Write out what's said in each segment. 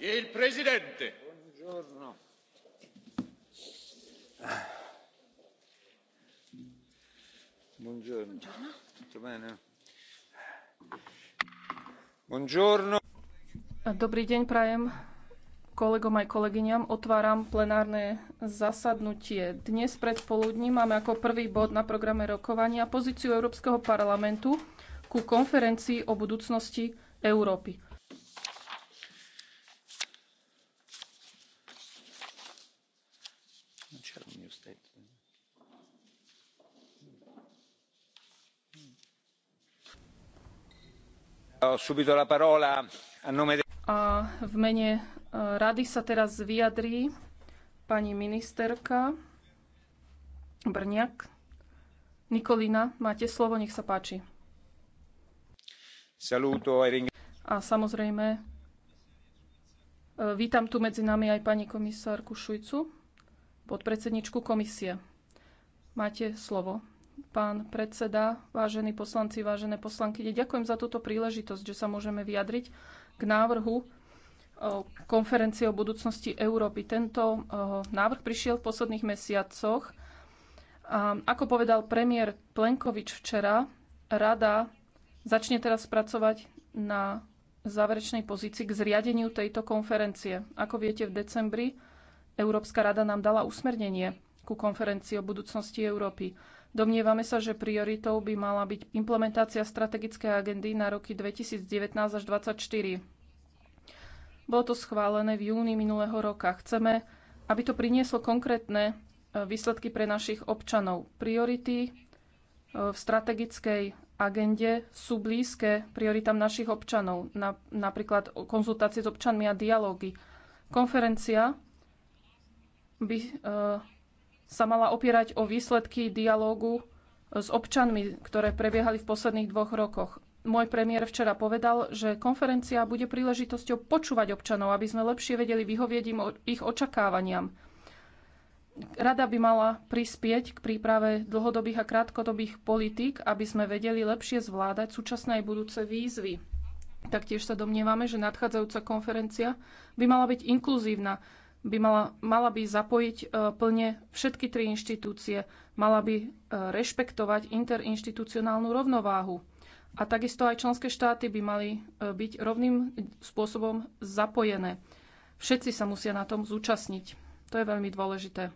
il presidente. Dobrý deň prajem kolegom aj kolegyňam. Otváram plenárne zasadnutie. Dnes predpoludní máme ako prvý bod na programe rokovania pozíciu Európskeho parlamentu ku konferencii o budúcnosti Európy. A v mene e, rady sa teraz vyjadrí pani ministerka Brňák. Nikolina, máte slovo, nech sa páči. A samozrejme, e, vítam tu medzi nami aj pani komisárku Šujcu, podpredsedničku komisie. Máte slovo pán predseda, vážení poslanci, vážené poslanky. Ďakujem za túto príležitosť, že sa môžeme vyjadriť k návrhu konferencie o budúcnosti Európy. Tento návrh prišiel v posledných mesiacoch. A ako povedal premiér Plenkovič včera, rada začne teraz pracovať na záverečnej pozícii k zriadeniu tejto konferencie. Ako viete, v decembri Európska rada nám dala usmernenie ku konferencii o budúcnosti Európy. Domnievame sa, že prioritou by mala byť implementácia strategickej agendy na roky 2019 až 2024. Bolo to schválené v júni minulého roka. Chceme, aby to prinieslo konkrétne e, výsledky pre našich občanov. Priority e, v strategickej agende sú blízke prioritám našich občanov, napríklad konzultácie s občanmi a dialógy. Konferencia by e, sa mala opierať o výsledky dialógu s občanmi, ktoré prebiehali v posledných dvoch rokoch. Môj premiér včera povedal, že konferencia bude príležitosťou počúvať občanov, aby sme lepšie vedeli vyhovieť im ich očakávaniam. Rada by mala prispieť k príprave dlhodobých a krátkodobých politík, aby sme vedeli lepšie zvládať súčasné aj budúce výzvy. Taktiež sa domnievame, že nadchádzajúca konferencia by mala byť inkluzívna, by mala, mala by zapojiť e, plne všetky tri inštitúcie, mala by e, rešpektovať interinštitucionálnu rovnováhu. A takisto aj členské štáty by mali e, byť rovným spôsobom zapojené. Všetci sa musia na tom zúčastniť. To je veľmi dôležité.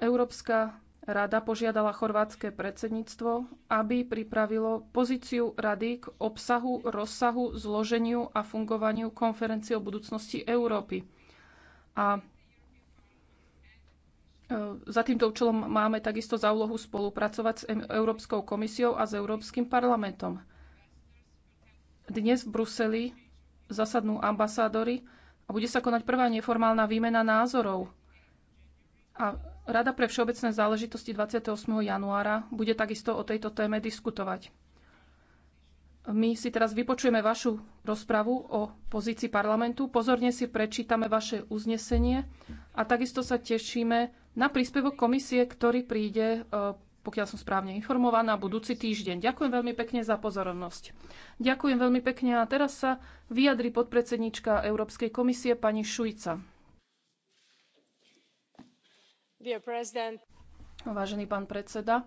Európska rada požiadala chorvátske predsedníctvo, aby pripravilo pozíciu rady k obsahu, rozsahu, zloženiu a fungovaniu konferencie o budúcnosti Európy. A e, za týmto účelom máme takisto za úlohu spolupracovať s Európskou komisiou a s Európskym parlamentom. Dnes v Bruseli zasadnú ambasádory a bude sa konať prvá neformálna výmena názorov. A Rada pre všeobecné záležitosti 28. januára bude takisto o tejto téme diskutovať. My si teraz vypočujeme vašu rozpravu o pozícii parlamentu, pozorne si prečítame vaše uznesenie a takisto sa tešíme na príspevok komisie, ktorý príde, e, pokiaľ som správne informovaná, budúci týždeň. Ďakujem veľmi pekne za pozornosť. Ďakujem veľmi pekne a teraz sa vyjadri podpredsednička Európskej komisie pani Šujca. Vážený pán predseda,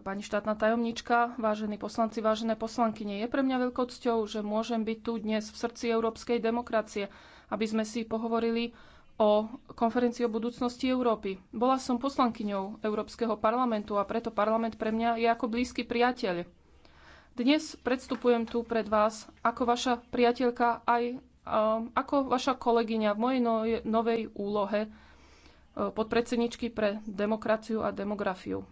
Pani štátna tajomnička, vážení poslanci, vážené nie je pre mňa veľkou cťou, že môžem byť tu dnes v srdci európskej demokracie, aby sme si pohovorili o konferencii o budúcnosti Európy. Bola som poslankyňou Európskeho parlamentu a preto parlament pre mňa je ako blízky priateľ. Dnes predstupujem tu pred vás ako vaša priateľka aj um, ako vaša kolegyňa v mojej novej úlohe uh, podpredsedničky pre demokraciu a demografiu.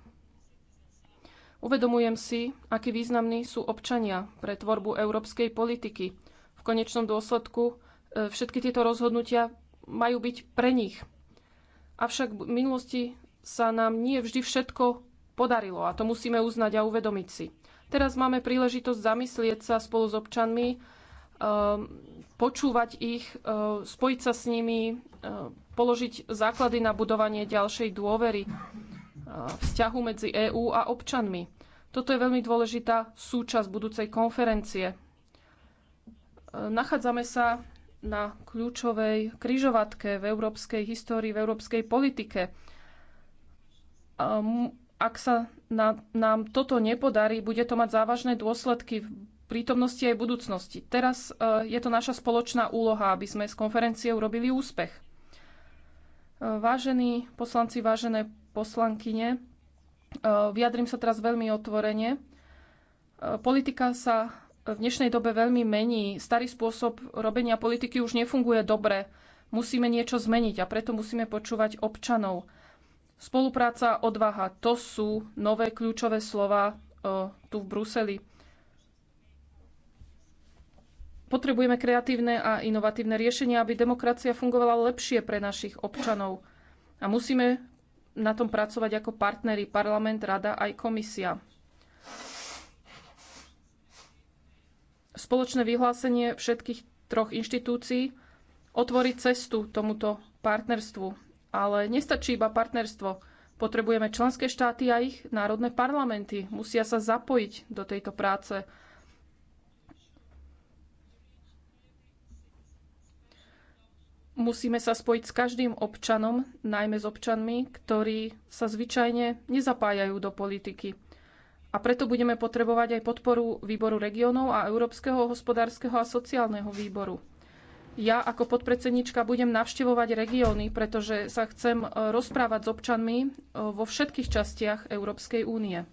Uvedomujem si, akí významní sú občania pre tvorbu európskej politiky. V konečnom dôsledku e, všetky tieto rozhodnutia majú byť pre nich. Avšak v minulosti sa nám nie vždy všetko podarilo a to musíme uznať a uvedomiť si. Teraz máme príležitosť zamyslieť sa spolu s občanmi, e, počúvať ich, e, spojiť sa s nimi, položiť základy na budovanie ďalšej dôvery vzťahu medzi EÚ a občanmi. Toto je veľmi dôležitá súčasť budúcej konferencie. E, nachádzame sa na kľúčovej kryžovatke v európskej histórii, v európskej politike. E, ak sa na, nám toto nepodarí, bude to mať závažné dôsledky v prítomnosti aj budúcnosti. Teraz e, je to naša spoločná úloha, aby sme z konferencie urobili úspech. Vážení poslanci, vážené poslankyne. E, vyjadrím sa teraz veľmi otvorene. E, politika sa v dnešnej dobe veľmi mení. Starý spôsob robenia politiky už nefunguje dobre. Musíme niečo zmeniť a preto musíme počúvať občanov. Spolupráca, odvaha, to sú nové kľúčové slova e, tu v Bruseli. Potrebujeme kreatívne a inovatívne riešenia, aby demokracia fungovala lepšie pre našich občanov. A musíme na tom pracovať ako partneri parlament, rada aj komisia. Spoločné vyhlásenie všetkých troch inštitúcií otvorí cestu tomuto partnerstvu. Ale nestačí iba partnerstvo. Potrebujeme členské štáty a ich národné parlamenty. Musia sa zapojiť do tejto práce. Musíme sa spojiť s každým občanom, najmä s občanmi, ktorí sa zvyčajne nezapájajú do politiky. A preto budeme potrebovať aj podporu výboru regiónov a Európskeho hospodárskeho a sociálneho výboru. Ja ako podpredsednička budem navštevovať regióny, pretože sa chcem rozprávať s občanmi e, vo všetkých častiach Európskej únie.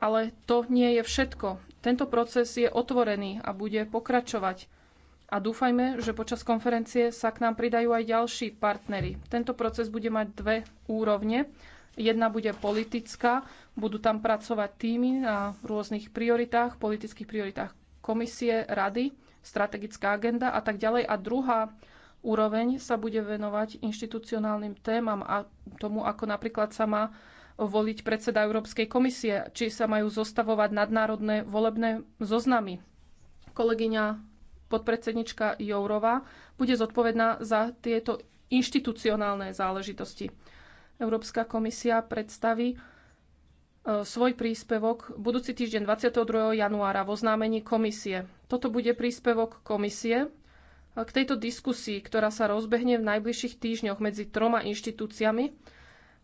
Ale to nie je všetko. Tento proces je otvorený a bude pokračovať a dúfajme, že počas konferencie sa k nám pridajú aj ďalší partnery. Tento proces bude mať dve úrovne. Jedna bude politická, budú tam pracovať týmy na rôznych prioritách, politických prioritách komisie, rady, strategická agenda a tak ďalej. A druhá úroveň sa bude venovať inštitucionálnym témam a tomu, ako napríklad sa má voliť predseda Európskej komisie, či sa majú zostavovať nadnárodné volebné zoznamy. Kolegyňa podpredsednička Jourova bude zodpovedná za tieto inštitucionálne záležitosti. Európska komisia predstaví e, svoj príspevok budúci týždeň 22. januára v oznámení komisie. Toto bude príspevok komisie e, k tejto diskusii, ktorá sa rozbehne v najbližších týždňoch medzi troma inštitúciami.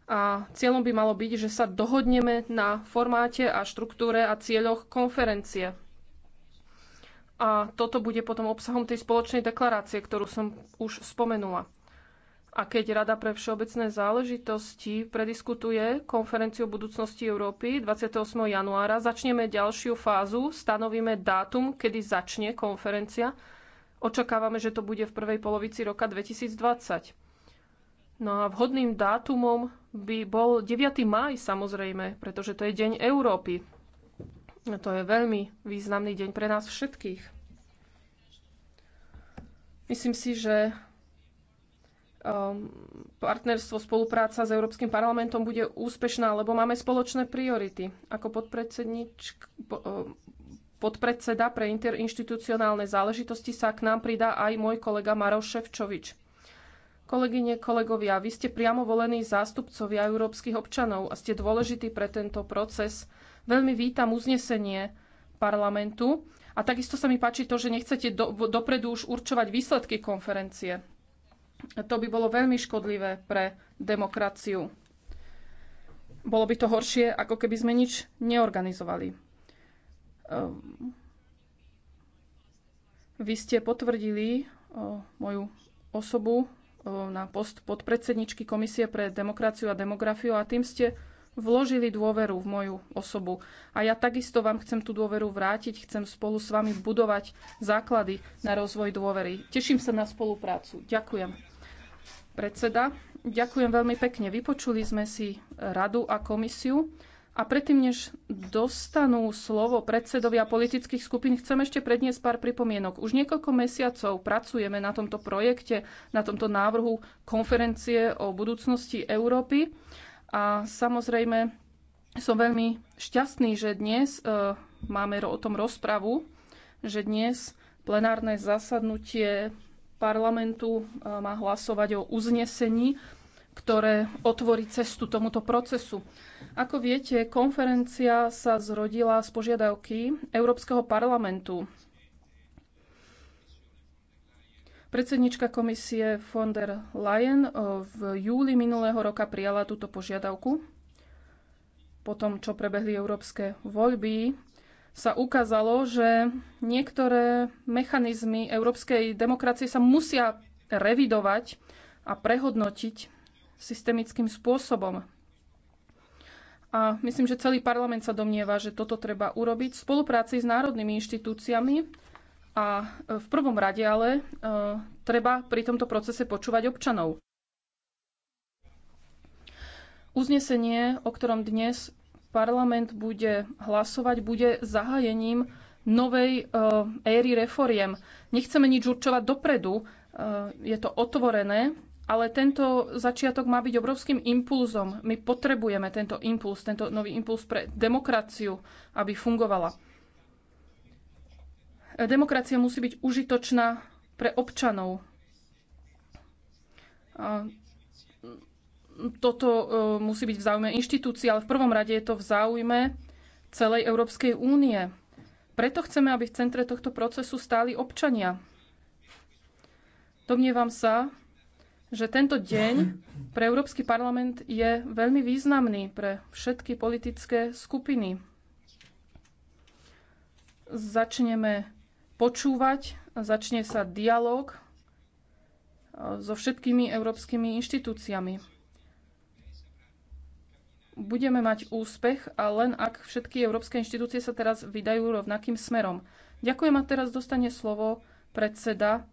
A cieľom by malo byť, že sa dohodneme na formáte a štruktúre a cieľoch konferencie a toto bude potom obsahom tej spoločnej deklarácie, ktorú som už spomenula. A keď Rada pre všeobecné záležitosti prediskutuje konferenciu o budúcnosti Európy 28. januára, začneme ďalšiu fázu, stanovíme dátum, kedy začne konferencia. Očakávame, že to bude v prvej polovici roka 2020. No a vhodným dátumom by bol 9. maj samozrejme, pretože to je Deň Európy. To je veľmi významný deň pre nás všetkých. Myslím si, že um, partnerstvo, spolupráca s Európskym parlamentom bude úspešná, lebo máme spoločné priority. Ako um, podpredseda pre interinstitucionálne záležitosti sa k nám pridá aj môj kolega Maroš Ševčovič. Kolegyne, kolegovia, vy ste priamo volení zástupcovia európskych občanov a ste dôležití pre tento proces Veľmi vítam uznesenie parlamentu a takisto sa mi páči to, že nechcete do, dopredu už určovať výsledky konferencie. To by bolo veľmi škodlivé pre demokraciu. Bolo by to horšie, ako keby sme nič neorganizovali. Ehm, vy ste potvrdili moju osobu na post podpredsedničky Komisie pre demokraciu a demografiu a tým ste vložili dôveru v moju osobu. A ja takisto vám chcem tú dôveru vrátiť, chcem spolu s vami budovať základy na rozvoj dôvery. Teším sa na spoluprácu. Ďakujem. Predseda, ďakujem veľmi pekne. Vypočuli sme si radu a komisiu. A predtým, než dostanú slovo predsedovia politických skupín, chcem ešte predniesť pár pripomienok. Už niekoľko mesiacov pracujeme na tomto projekte, na tomto návrhu konferencie o budúcnosti Európy. A samozrejme, som veľmi šťastný, že dnes uh, máme o tom rozpravu, že dnes plenárne zasadnutie parlamentu uh, má hlasovať o uznesení, ktoré otvorí cestu tomuto procesu. Ako viete, konferencia sa zrodila z požiadavky Európskeho parlamentu Predsednička komisie von der Leyen eh, v júli minulého roka prijala túto požiadavku. Po tom, čo prebehli európske voľby, sa ukázalo, že niektoré mechanizmy európskej demokracie sa musia revidovať a prehodnotiť systemickým spôsobom. A myslím, že celý parlament sa domnieva, že toto treba urobiť v spolupráci s národnými inštitúciami a e, v prvom rade ale e, treba pri tomto procese počúvať občanov. Uznesenie, o ktorom dnes parlament bude hlasovať, bude zahájením novej e, éry reforiem. Nechceme nič určovať dopredu, je to otvorené, ale tento začiatok má byť obrovským impulzom. My potrebujeme tento impuls, tento nový impuls pre demokraciu, aby fungovala. Demokracia musí byť užitočná pre občanov. Toto e, musí byť v záujme inštitúcií, ale v prvom rade je to v záujme celej Európskej únie. Preto chceme, aby v centre tohto procesu stáli občania. Domnievam sa, že tento deň pre Európsky parlament je veľmi významný pre všetky politické skupiny. Začneme počúvať, začne sa dialog e, so všetkými európskymi inštitúciami. Budeme mať úspech, a len ak všetky európske inštitúcie sa teraz vydajú rovnakým smerom. Ďakujem a teraz dostane slovo predseda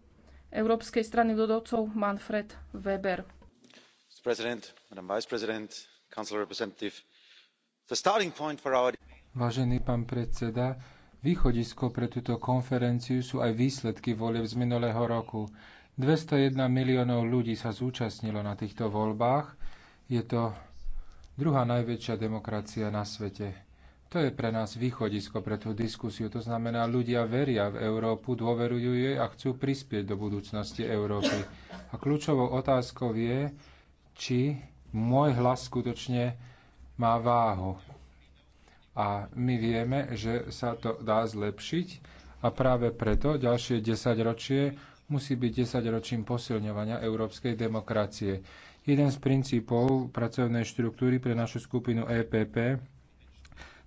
Európskej strany ľudovcov Manfred Weber. Vážený pán predseda, Východisko pre túto konferenciu sú aj výsledky volieb z minulého roku. 201 miliónov ľudí sa zúčastnilo na týchto voľbách. Je to druhá najväčšia demokracia na svete. To je pre nás východisko pre tú diskusiu. To znamená, ľudia veria v Európu, dôverujú jej a chcú prispieť do budúcnosti Európy. A kľúčovou otázkou je, či môj hlas skutočne má váhu a my vieme, že sa to dá zlepšiť a práve preto ďalšie desaťročie musí byť desaťročím posilňovania európskej demokracie. Jeden z princípov pracovnej štruktúry pre našu skupinu EPP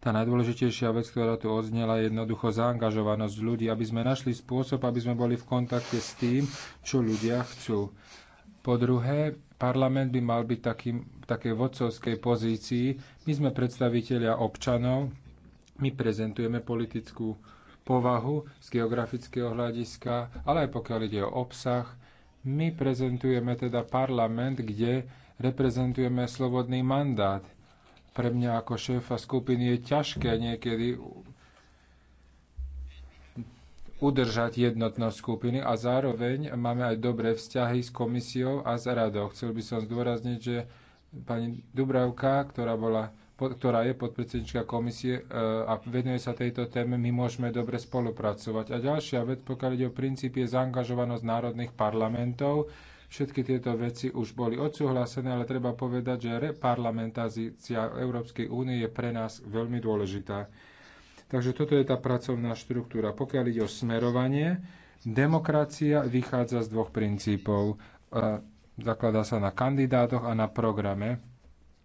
tá najdôležitejšia vec, ktorá tu odznela, je jednoducho zaangažovanosť ľudí, aby sme našli spôsob, aby sme boli v kontakte s tým, čo ľudia chcú. Po druhé, parlament by mal byť v takej vodcovskej pozícii. My sme predstavitelia občanov, my prezentujeme politickú povahu z geografického hľadiska, ale aj pokiaľ ide o obsah. My prezentujeme teda parlament, kde reprezentujeme slobodný mandát. Pre mňa ako šéfa skupiny je ťažké niekedy udržať jednotnosť skupiny a zároveň máme aj dobré vzťahy s komisiou a s radou. Chcel by som zdôrazniť, že pani Dubravka, ktorá, bola, ktorá je podpredsednička komisie e, a venuje sa tejto téme, my môžeme dobre spolupracovať. A ďalšia vec, pokiaľ ide o princíp, je zaangažovanosť národných parlamentov. Všetky tieto veci už boli odsúhlasené, ale treba povedať, že reparlamentácia Európskej únie je pre nás veľmi dôležitá. Takže toto je tá pracovná štruktúra. Pokiaľ ide o smerovanie, demokracia vychádza z dvoch princípov. E, zakladá sa na kandidátoch a na programe.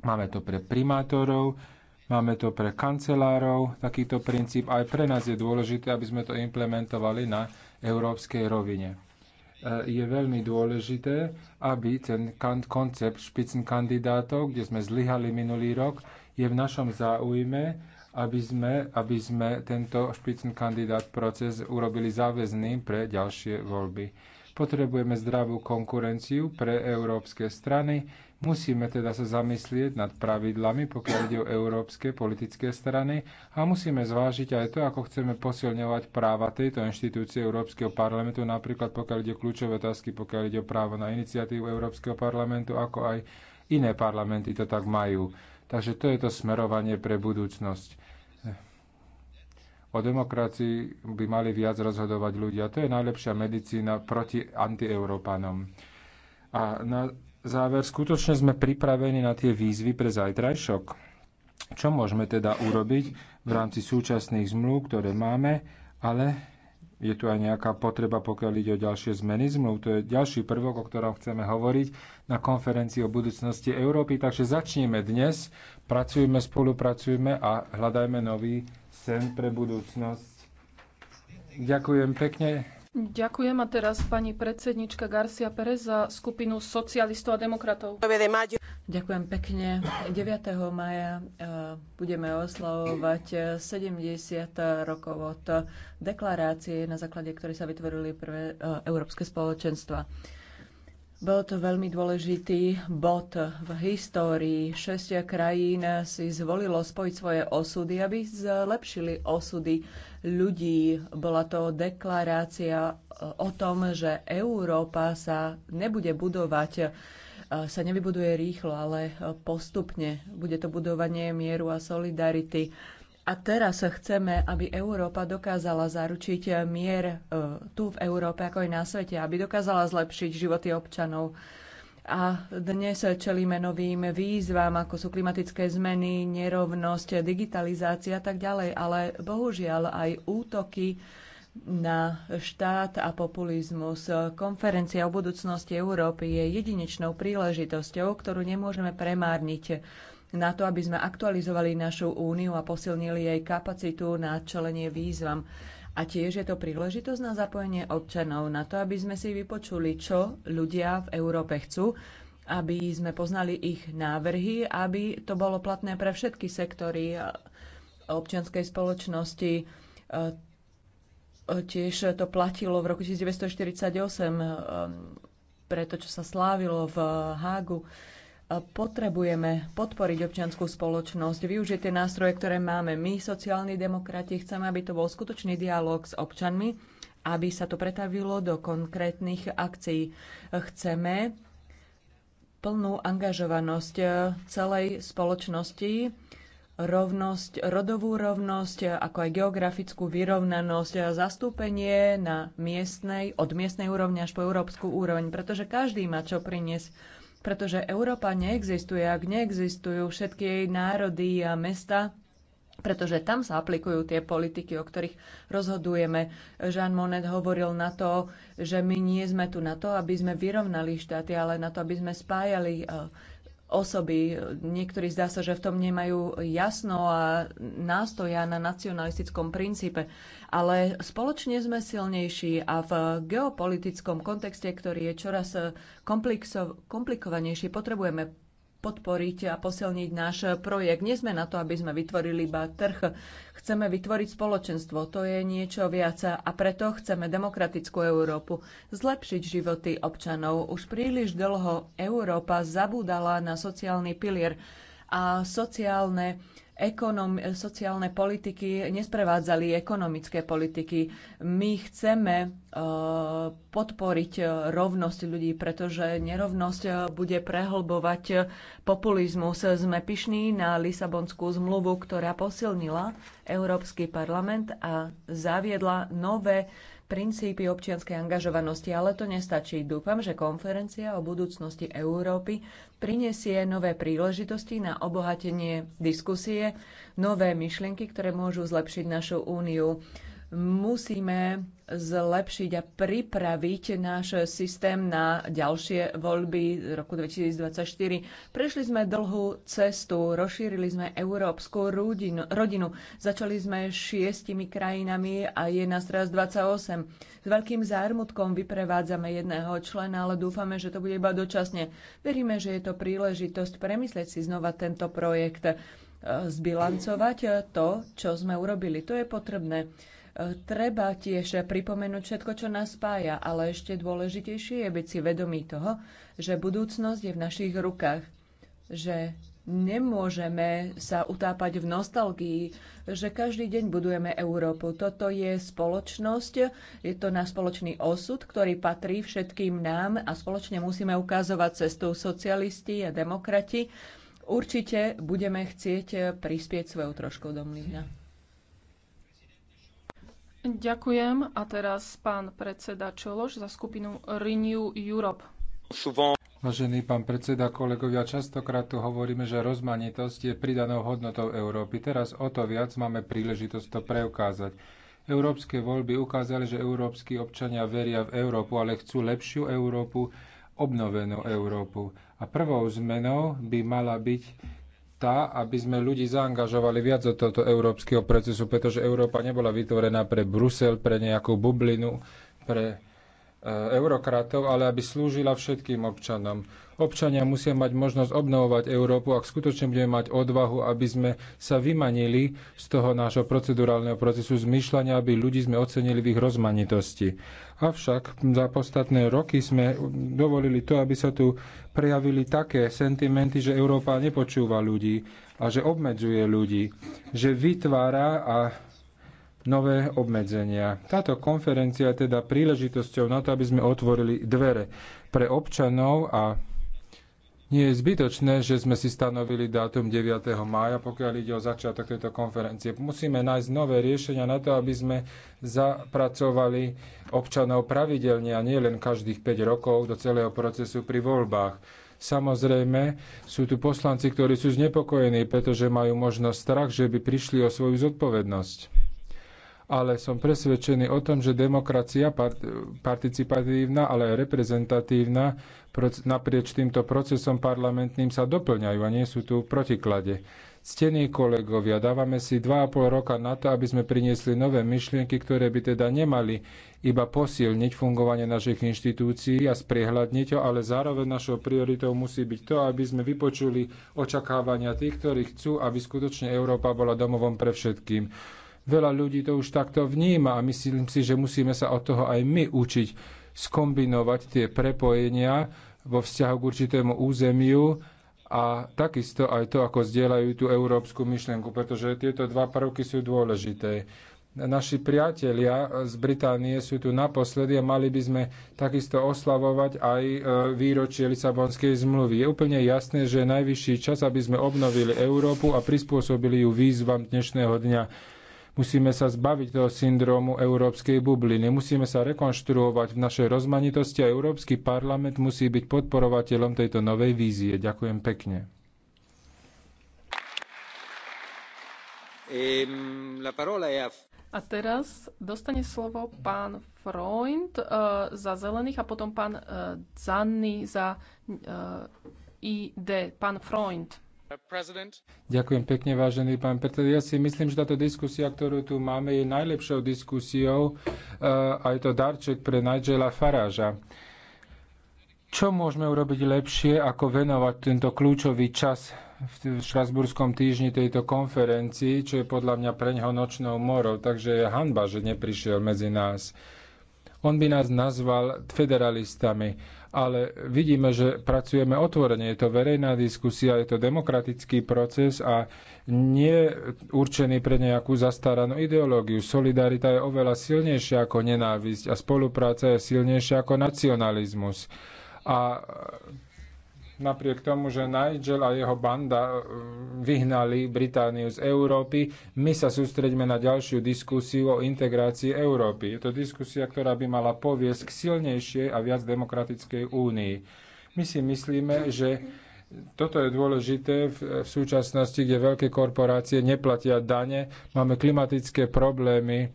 Máme to pre primátorov, máme to pre kancelárov, takýto princíp. Aj pre nás je dôležité, aby sme to implementovali na európskej rovine e, je veľmi dôležité, aby ten koncept špicn kandidátov, kde sme zlyhali minulý rok, je v našom záujme, aby sme, aby sme tento špicný kandidát proces urobili záväzný pre ďalšie voľby. Potrebujeme zdravú konkurenciu pre európske strany, musíme teda sa zamyslieť nad pravidlami, pokiaľ ide o európske politické strany a musíme zvážiť aj to, ako chceme posilňovať práva tejto inštitúcie Európskeho parlamentu, napríklad pokiaľ ide o kľúčové otázky, pokiaľ ide o právo na iniciatívu Európskeho parlamentu, ako aj iné parlamenty to tak majú. Takže to je to smerovanie pre budúcnosť. O demokracii by mali viac rozhodovať ľudia. To je najlepšia medicína proti antieurópanom. A na záver, skutočne sme pripravení na tie výzvy pre zajtrajšok. Čo môžeme teda urobiť v rámci súčasných zmluv, ktoré máme, ale je tu aj nejaká potreba, pokiaľ ide o ďalšie zmeny zmluv. To je ďalší prvok, o ktorom chceme hovoriť na konferencii o budúcnosti Európy. Takže začneme dnes, pracujeme, spolupracujeme a hľadajme nový sen pre budúcnosť. Ďakujem pekne. Ďakujem a teraz pani predsednička Garcia Perez za skupinu socialistov a demokratov. Ďakujem pekne. 9. maja e, budeme oslavovať 70 e, rokov od deklarácie, na základe ktorej sa vytvorili prvé e, európske spoločenstva. Bol to veľmi dôležitý bod v histórii. Šesť krajín si zvolilo spojiť svoje osudy, aby zlepšili osudy ľudí. Bola to deklarácia o tom, že Európa sa nebude budovať sa nevybuduje rýchlo, ale e, postupne. Bude to budovanie mieru a solidarity. A teraz chceme, aby Európa dokázala zaručiť mier e, tu v Európe, ako aj na svete, aby dokázala zlepšiť životy občanov. A dnes čelíme novým výzvam, ako sú klimatické zmeny, nerovnosť, digitalizácia a tak ďalej, ale bohužiaľ aj útoky na štát a populizmus. Konferencia o budúcnosti Európy je jedinečnou príležitosťou, ktorú nemôžeme premárniť na to, aby sme aktualizovali našu úniu a posilnili jej kapacitu na čelenie výzvam. A tiež je to príležitosť na zapojenie občanov, na to, aby sme si vypočuli, čo ľudia v Európe chcú, aby sme poznali ich návrhy, aby to bolo platné pre všetky sektory občianskej spoločnosti, E, tiež to platilo v roku 1948 e, pre to, čo sa slávilo v Hágu. E, potrebujeme podporiť občianskú spoločnosť, využiť tie nástroje, ktoré máme my, sociálni demokrati. Chceme, aby to bol skutočný dialog s občanmi, aby sa to pretavilo do konkrétnych akcií. Chceme plnú angažovanosť celej spoločnosti rovnosť, rodovú rovnosť, ako aj geografickú vyrovnanosť a zastúpenie na miestnej, od miestnej úrovne až po európsku úroveň, pretože každý má čo priniesť. Pretože Európa neexistuje, ak neexistujú všetky jej národy a mesta, pretože tam sa aplikujú tie politiky, o ktorých rozhodujeme. Jean Monnet hovoril na to, že my nie sme tu na to, aby sme vyrovnali štáty, ale na to, aby sme spájali eh, osoby. Niektorí zdá sa, že v tom nemajú jasno a nástoja na nacionalistickom princípe. Ale spoločne sme silnejší a v geopolitickom kontexte, ktorý je čoraz komplikovanejší, potrebujeme podporiť a posilniť náš projekt. Nie sme na to, aby sme vytvorili iba trh. Chceme vytvoriť spoločenstvo, to je niečo viac a preto chceme demokratickú Európu, zlepšiť životy občanov. Už príliš dlho Európa zabúdala na sociálny pilier a sociálne ekonom, sociálne politiky nesprevádzali ekonomické politiky. My chceme e, podporiť e, rovnosť ľudí, pretože nerovnosť e, bude prehlbovať populizmus. Sme pyšní na Lisabonskú zmluvu, ktorá posilnila Európsky parlament a zaviedla nové princípy občianskej angažovanosti, ale to nestačí. Dúfam, že konferencia o budúcnosti Európy prinesie nové príležitosti na obohatenie diskusie, nové myšlienky, ktoré môžu zlepšiť našu úniu. Musíme zlepšiť a pripraviť náš systém na ďalšie voľby roku 2024. Prešli sme dlhú cestu, rozšírili sme európsku rodinu, rodinu. začali sme šiestimi krajinami a je nás teraz 28. S veľkým zármutkom vyprevádzame jedného člena, ale dúfame, že to bude iba dočasne. Veríme, že je to príležitosť premyslieť si znova tento projekt, e, zbilancovať to, čo sme urobili. To je potrebné. Eh, treba tiež pripomenúť všetko, čo nás spája, ale ešte dôležitejšie je byť si vedomý toho, že budúcnosť je v našich rukách, že nemôžeme sa utápať v nostalgii, že každý deň budujeme Európu. Toto je spoločnosť, je to náš spoločný osud, ktorý patrí všetkým nám a spoločne musíme ukazovať cestu socialisti a demokrati. Určite budeme chcieť prispieť svojou troškou do mlyna. Ďakujem. A teraz pán predseda Čološ za skupinu Renew Europe. Vážený pán predseda, kolegovia, častokrát tu hovoríme, že rozmanitosť je pridanou hodnotou Európy. Teraz o to viac máme príležitosť to preukázať. Európske voľby ukázali, že európsky občania veria v Európu, ale chcú lepšiu Európu, obnovenú Európu. A prvou zmenou by mala byť tá, aby sme ľudí zaangažovali viac do tohto európskeho procesu, pretože Európa nebola vytvorená pre Brusel, pre nejakú bublinu, pre Eh, eurokratov, ale aby slúžila všetkým občanom. Občania musia mať možnosť obnovovať Európu, ak skutočne budeme mať odvahu, aby sme sa vymanili z toho nášho procedurálneho procesu zmyšľania, aby ľudí sme ocenili v ich rozmanitosti. Avšak za podstatné roky sme dovolili to, aby sa tu prejavili také sentimenty, že Európa nepočúva ľudí a že obmedzuje ľudí, že vytvára a nové obmedzenia. Táto konferencia je teda príležitosťou na to, aby sme otvorili dvere pre občanov a nie je zbytočné, že sme si stanovili dátum 9. mája, pokiaľ ide o začiatok tejto konferencie. Musíme nájsť nové riešenia na to, aby sme zapracovali občanov pravidelne a nie len každých 5 rokov do celého procesu pri voľbách. Samozrejme, sú tu poslanci, ktorí sú znepokojení, pretože majú možnosť strach, že by prišli o svoju zodpovednosť ale som presvedčený o tom, že demokracia participatívna, ale aj reprezentatívna naprieč týmto procesom parlamentným sa doplňajú a nie sú tu v protiklade. Ctení kolegovia, dávame si 2,5 roka na to, aby sme priniesli nové myšlienky, ktoré by teda nemali iba posilniť fungovanie našich inštitúcií a spriehľadniť ho, ale zároveň našou prioritou musí byť to, aby sme vypočuli očakávania tých, ktorí chcú, aby skutočne Európa bola domovom pre všetkým. Veľa ľudí to už takto vníma a myslím si, že musíme sa od toho aj my učiť skombinovať tie prepojenia vo vzťahu k určitému územiu a takisto aj to, ako zdieľajú tú európsku myšlienku, pretože tieto dva prvky sú dôležité naši priatelia z Británie sú tu naposledy a mali by sme takisto oslavovať aj e, výročie Lisabonskej zmluvy. Je úplne jasné, že je najvyšší čas, aby sme obnovili Európu a prispôsobili ju výzvam dnešného dňa. Musíme sa zbaviť toho syndrómu európskej bubliny. Musíme sa rekonštruovať v našej rozmanitosti a Európsky parlament musí byť podporovateľom tejto novej vízie. Ďakujem pekne. Ehm, a teraz dostane slovo pán Freund uh, za zelených a potom pán uh, Zanny za uh, eh, ID. Pán Freund. Uh, Ďakujem pekne, vážený pán predseda. Ja si myslím, že táto diskusia, ktorú tu máme, je najlepšou diskusiou uh, a je to darček pre Nigela Faráža. Čo môžeme urobiť lepšie, ako venovať tento kľúčový čas v Štrasburskom týždni tejto konferencii, čo je podľa mňa pre neho nočnou morou, takže je hanba, že neprišiel medzi nás. On by nás nazval federalistami ale vidíme, že pracujeme otvorene. Je to verejná diskusia, je to demokratický proces a nie určený pre nejakú zastaranú ideológiu. Solidarita je oveľa silnejšia ako nenávisť a spolupráca je silnejšia ako nacionalizmus. A napriek tomu, že Nigel a jeho banda e, vyhnali Britániu z Európy, my sa sústredíme na ďalšiu diskusiu o integrácii Európy. Je to diskusia, ktorá by mala poviesť k silnejšej a viac demokratickej únii. My si myslíme, že toto je dôležité v súčasnosti, kde veľké korporácie neplatia dane, máme klimatické problémy,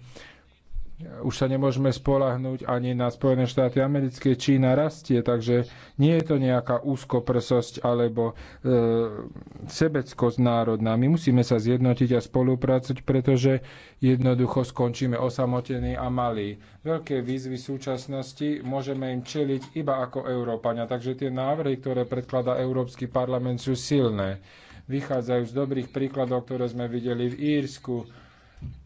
už sa nemôžeme spolahnúť ani na Spojené štáty americké. Čína rastie, takže nie je to nejaká úzkoprsosť alebo e, sebeckosť národná. My musíme sa zjednotiť a spolupracovať, pretože jednoducho skončíme osamotení a malí. Veľké výzvy súčasnosti môžeme im čeliť iba ako Európania, takže tie návrhy, ktoré predkladá Európsky parlament, sú silné. Vychádzajú z dobrých príkladov, ktoré sme videli v Írsku,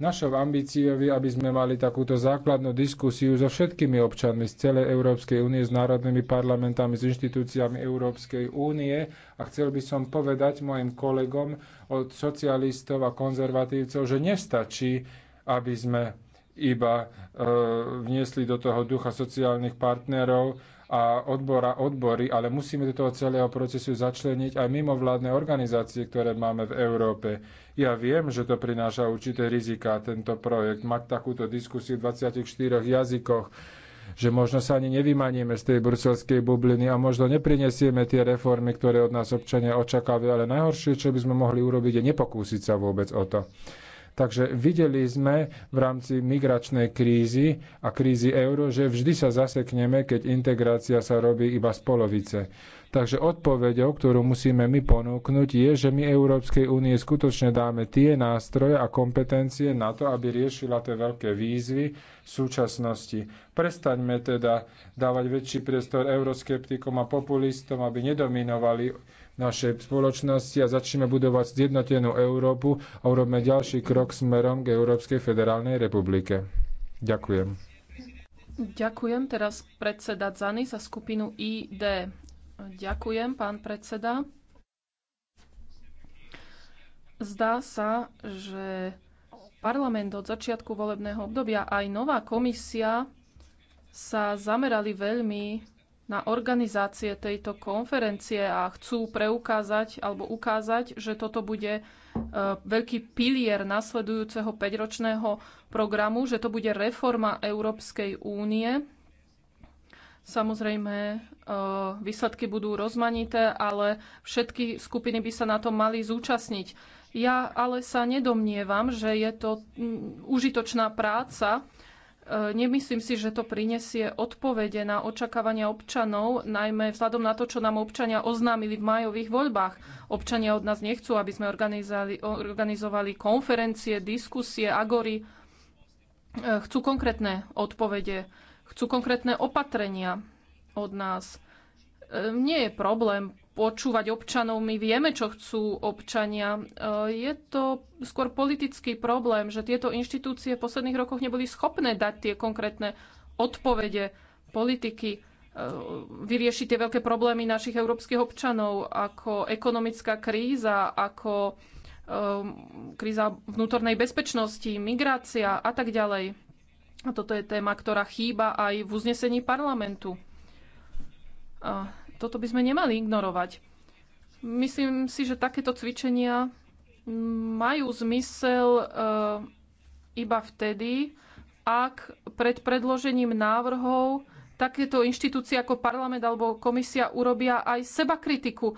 Našou ambíciou je, aby sme mali takúto základnú diskusiu so všetkými občanmi z celej Európskej únie, s národnými parlamentami, s inštitúciami Európskej únie a chcel by som povedať mojim kolegom od socialistov a konzervatívcov, že nestačí, aby sme iba e, vniesli do toho ducha sociálnych partnerov a odbora odbory, ale musíme do toho celého procesu začleniť aj mimovládne organizácie, ktoré máme v Európe. Ja viem, že to prináša určité rizika, tento projekt, mať takúto diskusiu v 24 jazykoch, že možno sa ani nevymaníme z tej bruselskej bubliny a možno neprinesieme tie reformy, ktoré od nás občania očakávajú, ale najhoršie, čo by sme mohli urobiť, je nepokúsiť sa vôbec o to. Takže videli sme v rámci migračnej krízy a krízy euro, že vždy sa zasekneme, keď integrácia sa robí iba z polovice. Takže odpoveďou, ktorú musíme my ponúknuť, je, že my Európskej únie skutočne dáme tie nástroje a kompetencie na to, aby riešila tie veľké výzvy v súčasnosti. Prestaňme teda dávať väčší priestor euroskeptikom a populistom, aby nedominovali naše spoločnosti a začneme budovať zjednotenú Európu a urobme ďalší krok smerom k Európskej federálnej republike. Ďakujem. Ďakujem teraz predseda Zany za skupinu ID. Ďakujem, pán predseda. Zdá sa, že parlament od začiatku volebného obdobia aj nová komisia sa zamerali veľmi na organizácie tejto konferencie a chcú preukázať alebo ukázať, že toto bude e, veľký pilier nasledujúceho 5-ročného programu, že to bude reforma Európskej únie. Samozrejme, e, výsledky budú rozmanité, ale všetky skupiny by sa na to mali zúčastniť. Ja ale sa nedomnievam, že je to užitočná práca, E, nemyslím si, že to prinesie odpovede na očakávania občanov, najmä vzhľadom na to, čo nám občania oznámili v majových voľbách. Občania od nás nechcú, aby sme organizovali konferencie, diskusie, agory. E, chcú konkrétne odpovede, chcú konkrétne opatrenia od nás. E, nie je problém počúvať občanov. My vieme, čo chcú občania. E, je to skôr politický problém, že tieto inštitúcie v posledných rokoch neboli schopné dať tie konkrétne odpovede politiky, e, vyriešiť tie veľké problémy našich európskych občanov, ako ekonomická kríza, ako e, kríza vnútornej bezpečnosti, migrácia a tak ďalej. A toto je téma, ktorá chýba aj v uznesení parlamentu. Toto by sme nemali ignorovať. Myslím si, že takéto cvičenia majú zmysel e, iba vtedy, ak pred predložením návrhov takéto inštitúcie ako parlament alebo komisia urobia aj seba kritiku. E,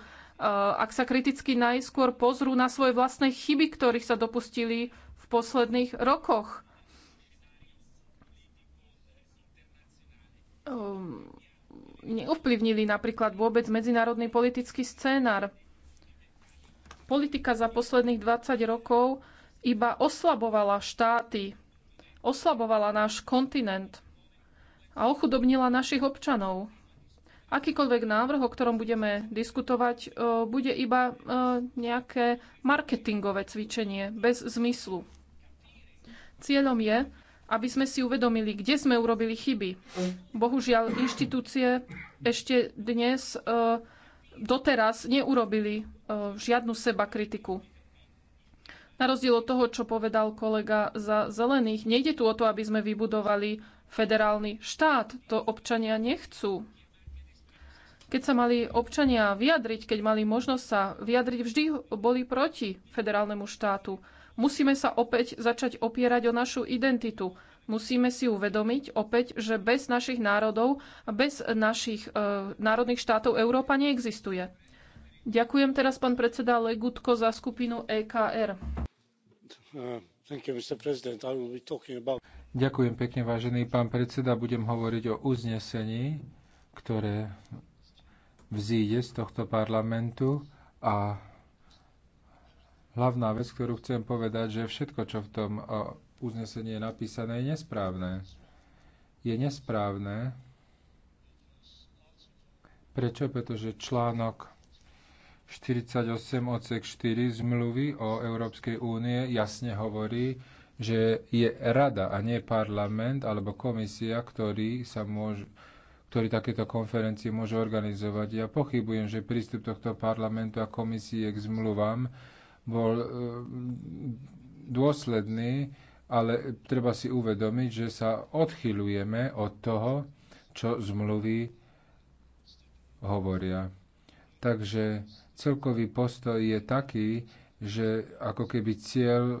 ak sa kriticky najskôr pozrú na svoje vlastné chyby, ktorých sa dopustili v posledných rokoch. Ehm, neovplyvnili napríklad vôbec medzinárodný politický scénar. Politika za posledných 20 rokov iba oslabovala štáty, oslabovala náš kontinent a ochudobnila našich občanov. Akýkoľvek návrh, o ktorom budeme diskutovať, e, bude iba e, nejaké marketingové cvičenie bez zmyslu. Cieľom je aby sme si uvedomili, kde sme urobili chyby. Bohužiaľ, inštitúcie ešte dnes e, doteraz neurobili e, žiadnu seba kritiku. Na rozdiel od toho, čo povedal kolega za zelených, nejde tu o to, aby sme vybudovali federálny štát. To občania nechcú. Keď sa mali občania vyjadriť, keď mali možnosť sa vyjadriť, vždy boli proti federálnemu štátu. Musíme sa opäť začať opierať o našu identitu. Musíme si uvedomiť opäť, že bez našich národov, bez našich e, národných štátov Európa neexistuje. Ďakujem teraz pán predseda Legutko za skupinu EKR. Uh, Ďakujem pekne, vážený pán predseda. Budem hovoriť o uznesení, ktoré vzíde z tohto parlamentu a hlavná vec, ktorú chcem povedať, že všetko, čo v tom uznesení je napísané, je nesprávne. Je nesprávne. Prečo? Pretože článok 48 odsek 4 zmluvy o Európskej únie jasne hovorí, že je rada a nie parlament alebo komisia, ktorý sa môže, ktorý takéto konferencie môže organizovať. Ja pochybujem, že prístup tohto parlamentu a komisie k zmluvám bol eh, dôsledný, ale treba si uvedomiť, že sa odchylujeme od toho, čo zmluvy hovoria. Takže celkový postoj je taký, že ako keby cieľ eh,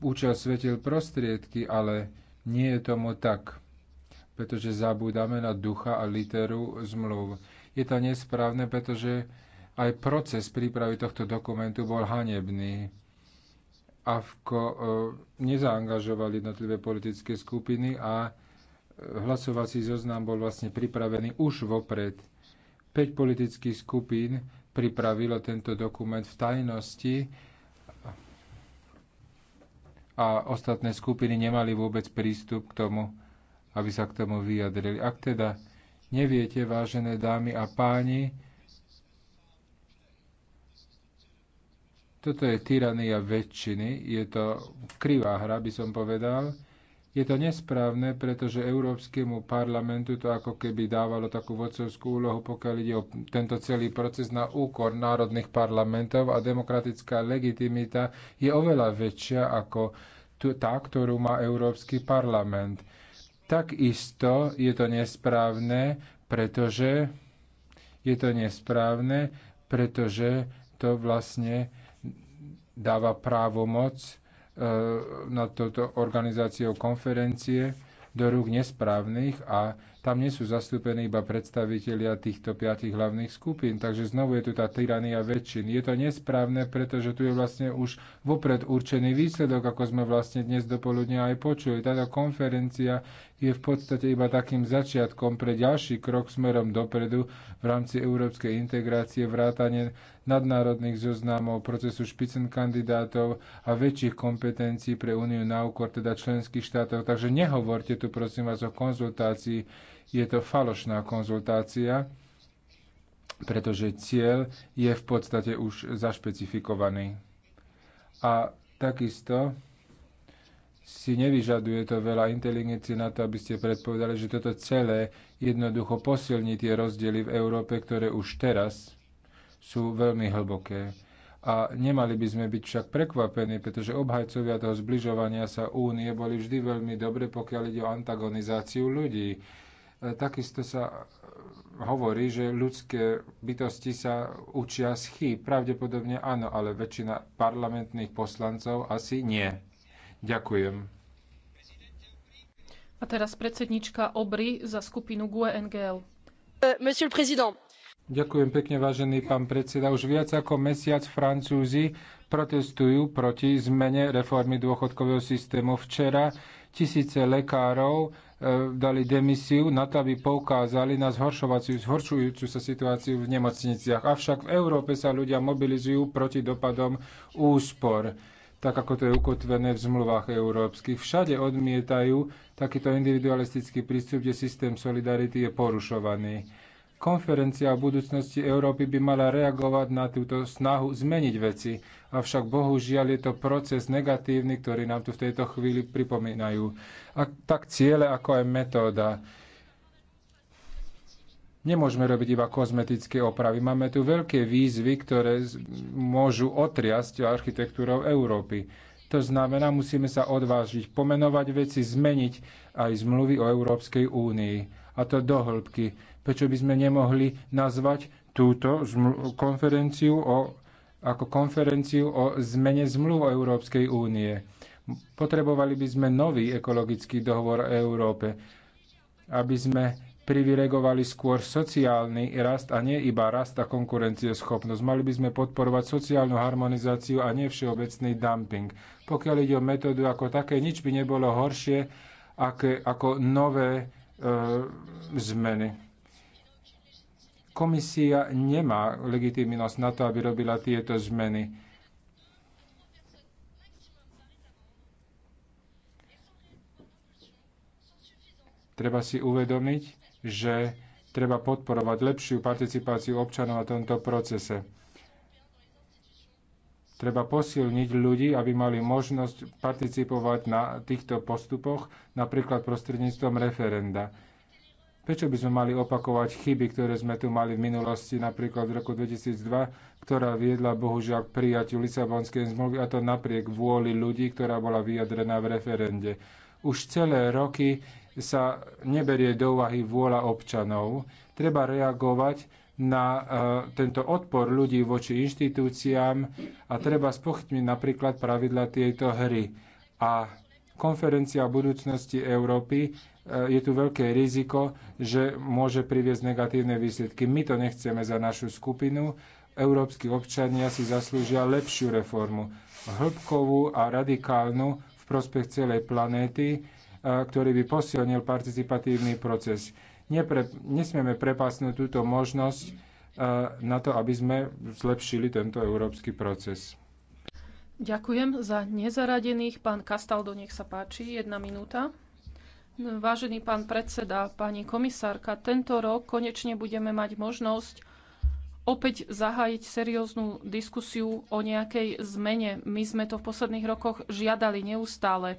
účel svetil prostriedky, ale nie je tomu tak, pretože zabúdame na ducha a literu zmluv. Je to nesprávne, pretože aj proces prípravy tohto dokumentu bol hanebný. AFKO e, nezaangažoval jednotlivé politické skupiny a e, hlasovací zoznam bol vlastne pripravený už vopred. 5 politických skupín pripravilo tento dokument v tajnosti a ostatné skupiny nemali vôbec prístup k tomu, aby sa k tomu vyjadrili. Ak teda neviete, vážené dámy a páni, Toto je tyrania väčšiny, je to krivá hra, by som povedal. Je to nesprávne, pretože Európskemu parlamentu to ako keby dávalo takú vodcovskú úlohu, pokiaľ ide o tento celý proces na úkor národných parlamentov a demokratická legitimita je oveľa väčšia ako tá, ktorú má Európsky parlament. Takisto je to nesprávne, pretože je to nesprávne, pretože to vlastne dáva právomoc e, na toto organizáciou konferencie do rúk nesprávnych a tam nie sú zastúpení iba predstavitelia týchto piatich hlavných skupín. Takže znovu je tu tá tyrania väčšin. Je to nesprávne, pretože tu je vlastne už vopred určený výsledok, ako sme vlastne dnes dopoludne aj počuli. Táto konferencia je v podstate iba takým začiatkom pre ďalší krok smerom dopredu v rámci európskej integrácie, vrátane nadnárodných zoznamov, procesu špicen kandidátov a väčších kompetencií pre Úniu na úkor teda členských štátov. Takže nehovorte tu prosím vás o konzultácii je to falošná konzultácia, pretože cieľ je v podstate už zašpecifikovaný. A takisto si nevyžaduje to veľa inteligencie na to, aby ste predpovedali, že toto celé jednoducho posilní tie rozdiely v Európe, ktoré už teraz sú veľmi hlboké. A nemali by sme byť však prekvapení, pretože obhajcovia toho zbližovania sa únie boli vždy veľmi dobre, pokiaľ ide o antagonizáciu ľudí. E, takisto sa e, hovorí, že ľudské bytosti sa učia z chýb. Pravdepodobne áno, ale väčšina parlamentných poslancov asi nie. Ďakujem. A teraz predsednička Obry za skupinu GUE NGL. E, monsieur le Président, Ďakujem pekne, vážený pán predseda. Už viac ako mesiac Francúzi protestujú proti zmene reformy dôchodkového systému. Včera tisíce lekárov E, dali demisiu na to, aby poukázali na zhoršovaciu, zhoršujúcu sa situáciu v nemocniciach. Avšak v Európe sa ľudia mobilizujú proti dopadom úspor tak ako to je ukotvené v zmluvách európskych. Všade odmietajú takýto individualistický prístup, kde systém solidarity je porušovaný. Konferencia o budúcnosti Európy by mala reagovať na túto snahu zmeniť veci, avšak bohužiaľ je to proces negatívny, ktorý nám tu v tejto chvíli pripomínajú. A tak ciele, ako aj metóda. Nemôžeme robiť iba kozmetické opravy. Máme tu veľké výzvy, ktoré môžu otriasť architektúrou Európy. To znamená, musíme sa odvážiť pomenovať veci, zmeniť aj zmluvy o Európskej únii. A to do hĺbky prečo by sme nemohli nazvať túto konferenciu o, ako konferenciu o zmene zmluv Európskej únie. Potrebovali by sme nový ekologický dohovor o Európe, aby sme privilegovali skôr sociálny rast a nie iba rast a konkurencieschopnosť. Mali by sme podporovať sociálnu harmonizáciu a nie všeobecný dumping. Pokiaľ ide o metódu ako také, nič by nebolo horšie ako, ako nové e, zmeny. Komisia nemá legitimnosť na to, aby robila tieto zmeny. Treba si uvedomiť, že treba podporovať lepšiu participáciu občanov na tomto procese. Treba posilniť ľudí, aby mali možnosť participovať na týchto postupoch, napríklad prostredníctvom referenda. Prečo by sme mali opakovať chyby, ktoré sme tu mali v minulosti, napríklad v roku 2002, ktorá viedla bohužiaľ k prijatiu Lisabonskej zmluvy, a to napriek vôli ľudí, ktorá bola vyjadrená v referende. Už celé roky sa neberie do úvahy vôľa občanov. Treba reagovať na e, tento odpor ľudí voči inštitúciám a treba spochtniť napríklad pravidla tejto hry. A konferencia o budúcnosti Európy E, je tu veľké riziko, že môže priviesť negatívne výsledky. My to nechceme za našu skupinu. Európsky občania si zaslúžia lepšiu reformu, hĺbkovú a radikálnu v prospech celej planéty, e, ktorý by posilnil participatívny proces. Nepre, nesmieme prepasnúť túto možnosť e, na to, aby sme zlepšili tento európsky proces. Ďakujem za nezaradených. Pán Kastaldo, nech sa páči. Jedna minúta. Vážený pán predseda, pani komisárka, tento rok konečne budeme mať možnosť opäť zahájiť serióznu diskusiu o nejakej zmene. My sme to v posledných rokoch žiadali neustále. E,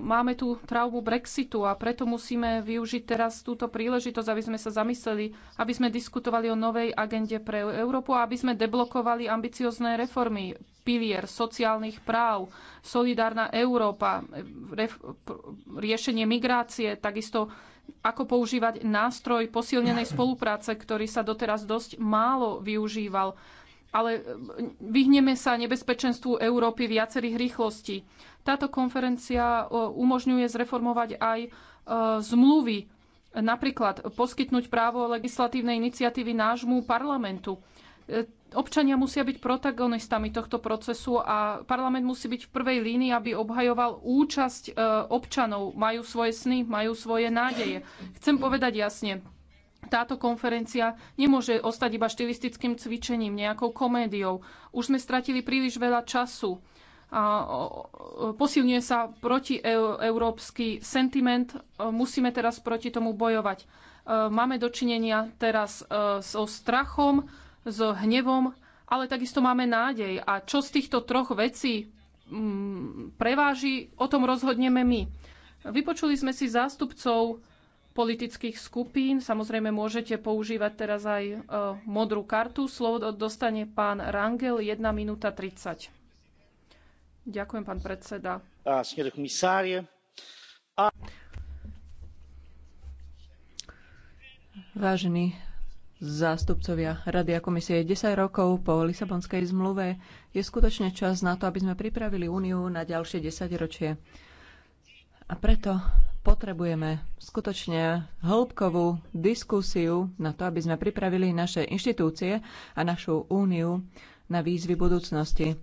máme tu traumu Brexitu a preto musíme využiť teraz túto príležitosť, aby sme sa zamysleli, aby sme diskutovali o novej agende pre Európu a aby sme deblokovali ambiciozne reformy pilier sociálnych práv, solidárna Európa, riešenie migrácie, takisto ako používať nástroj posilnenej spolupráce, ktorý sa doteraz dosť málo využíval. Ale e, vyhneme sa nebezpečenstvu Európy viacerých rýchlostí. Táto konferencia e, umožňuje zreformovať aj e, zmluvy, napríklad poskytnúť právo legislatívnej iniciatívy nášmu parlamentu. Občania musia byť protagonistami tohto procesu a parlament musí byť v prvej línii, aby obhajoval účasť e, občanov. Majú svoje sny, majú svoje nádeje. Chcem povedať jasne, táto konferencia nemôže ostať iba štilistickým cvičením, nejakou komédiou. Už sme stratili príliš veľa času a posilňuje sa protieurópsky e, sentiment. E, musíme teraz proti tomu bojovať. Máme dočinenia teraz so strachom, s hnevom, ale takisto máme nádej. A čo z týchto troch vecí mm, preváži, o tom rozhodneme my. Vypočuli sme si zástupcov politických skupín. Samozrejme, môžete používať teraz aj e, modrú kartu. Slovo dostane pán Rangel, 1 minúta 30. Ďakujem, pán predseda. A, Vážený zástupcovia Rady a komisie 10 rokov po Lisabonskej zmluve, je skutočne čas na to, aby sme pripravili úniu na ďalšie 10 ročie. A preto potrebujeme skutočne hĺbkovú diskusiu na to, aby sme pripravili naše inštitúcie a našu úniu na výzvy budúcnosti.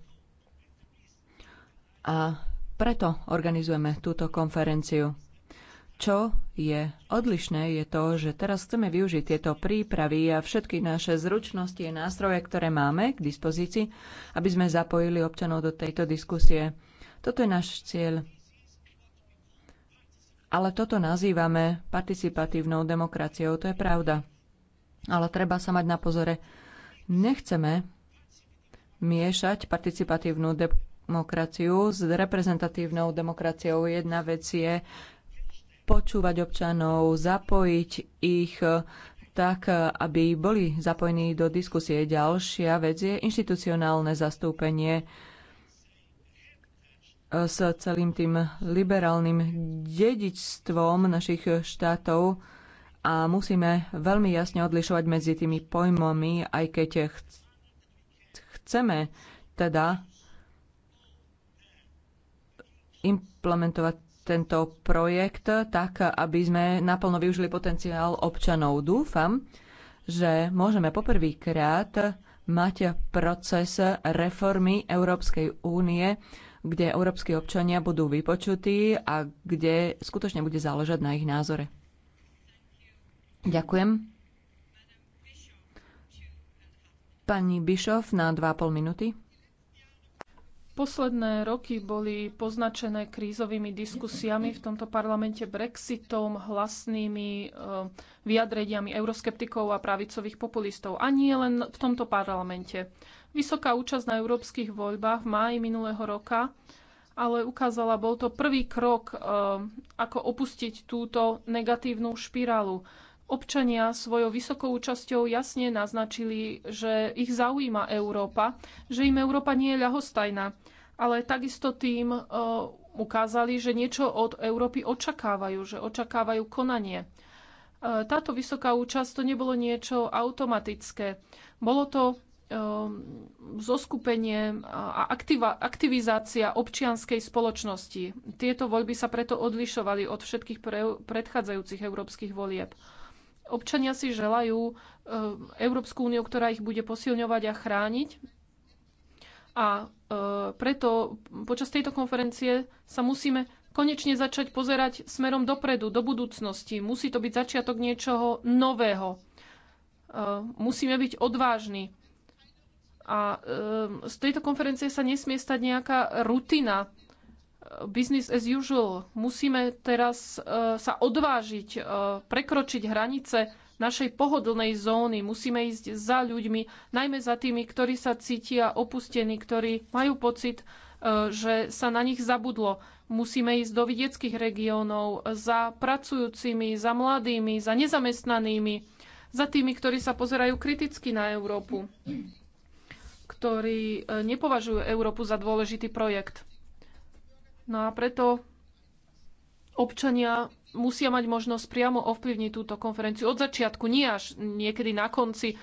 A preto organizujeme túto konferenciu. Čo je odlišné, je to, že teraz chceme využiť tieto prípravy a všetky naše zručnosti a nástroje, ktoré máme k dispozícii, aby sme zapojili občanov do tejto diskusie. Toto je náš cieľ. Ale toto nazývame participatívnou demokraciou, to je pravda. Ale treba sa mať na pozore. Nechceme miešať participatívnu demokraciu s reprezentatívnou demokraciou. Jedna vec je počúvať občanov, zapojiť ich eh, tak, eh, aby boli zapojení do diskusie. Ďalšia vec je inštitucionálne zastúpenie eh, s celým tým liberálnym dedičstvom našich štátov a musíme veľmi jasne odlišovať medzi tými pojmami, aj keď chceme teda implementovať tento projekt tak, aby sme naplno využili potenciál občanov. Dúfam, že môžeme poprvýkrát mať proces reformy Európskej únie, kde európsky občania budú vypočutí a kde skutočne bude záležať na ich názore. Ďakujem. Pani Bischoff na 2,5 minúty. Posledné roky boli poznačené krízovými diskusiami v tomto parlamente Brexitom, hlasnými eh, vyjadreniami euroskeptikov a pravicových populistov. A nie len v tomto parlamente. Vysoká účasť na európskych voľbách v máji minulého roka ale ukázala, bol to prvý krok, eh, ako opustiť túto negatívnu špirálu. Občania svojou vysokou účasťou jasne naznačili, že ich zaujíma Európa, že im Európa nie je ľahostajná, ale takisto tým e, ukázali, že niečo od Európy očakávajú, že očakávajú konanie. E, táto vysoká účasť to nebolo niečo automatické. Bolo to e, zoskupenie a aktiva, aktivizácia občianskej spoločnosti. Tieto voľby sa preto odlišovali od všetkých pre, predchádzajúcich európskych volieb. Občania si želajú e, Európsku úniu, ktorá ich bude posilňovať a chrániť. A e, preto počas tejto konferencie sa musíme konečne začať pozerať smerom dopredu, do budúcnosti. Musí to byť začiatok niečoho nového. E, musíme byť odvážni. A z tejto konferencie sa nesmie stať nejaká rutina business as usual. Musíme teraz eh, sa odvážiť, eh, prekročiť hranice našej pohodlnej zóny. Musíme ísť za ľuďmi, najmä za tými, ktorí sa cítia opustení, ktorí majú pocit, eh, že sa na nich zabudlo. Musíme ísť do vidieckých regiónov, za pracujúcimi, za mladými, za nezamestnanými, za tými, ktorí sa pozerajú kriticky na Európu, ktorí nepovažujú Európu za dôležitý projekt. No a preto občania musia mať možnosť priamo ovplyvniť túto konferenciu od začiatku, nie až niekedy na konci e,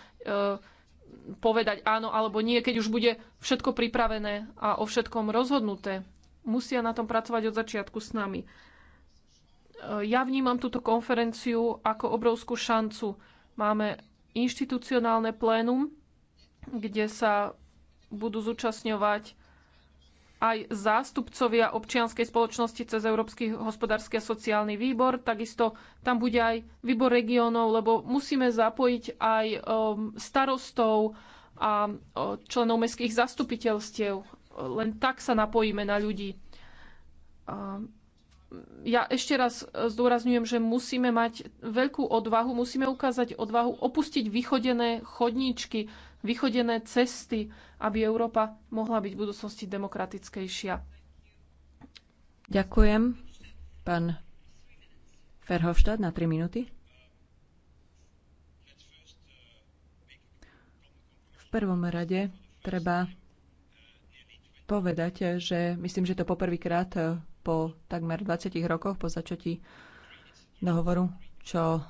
povedať áno alebo nie, keď už bude všetko pripravené a o všetkom rozhodnuté. Musia na tom pracovať od začiatku s nami. E, ja vnímam túto konferenciu ako obrovskú šancu. Máme inštitucionálne plénum, kde sa budú zúčastňovať aj zástupcovia občianskej spoločnosti cez Európsky hospodársky a sociálny výbor. Takisto tam bude aj výbor regiónov, lebo musíme zapojiť aj um, starostov a um, členov mestských zastupiteľstiev. Len tak sa napojíme na ľudí. Um, ja ešte raz zdôrazňujem, že musíme mať veľkú odvahu, musíme ukázať odvahu opustiť vychodené chodníčky, vychodené cesty, aby Európa mohla byť v budúcnosti demokratickejšia. Ďakujem. Pán Ferhovštad na 3 minúty. V prvom rade treba povedať, že myslím, že to poprvýkrát po takmer 20 rokoch po začatí dohovoru, čo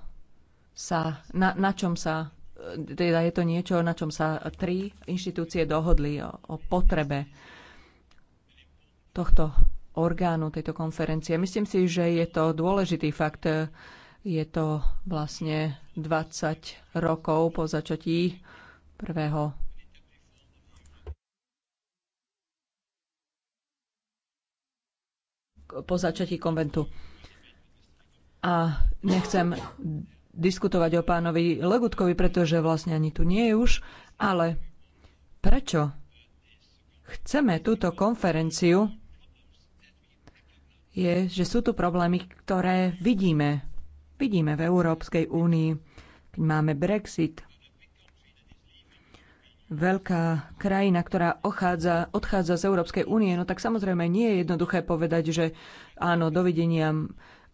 sa, na, na čom sa teda je to niečo, na čom sa tri inštitúcie dohodli o, o potrebe tohto orgánu, tejto konferencie. Myslím si, že je to dôležitý fakt. Je to vlastne 20 rokov po začatí prvého po začatí konventu. A nechcem diskutovať o pánovi Legutkovi, pretože vlastne ani tu nie je už, ale prečo chceme túto konferenciu, je, že sú tu problémy, ktoré vidíme. Vidíme v Európskej únii, keď máme Brexit, veľká krajina, ktorá ochádza, odchádza z Európskej únie, no tak samozrejme nie je jednoduché povedať, že áno, dovidenia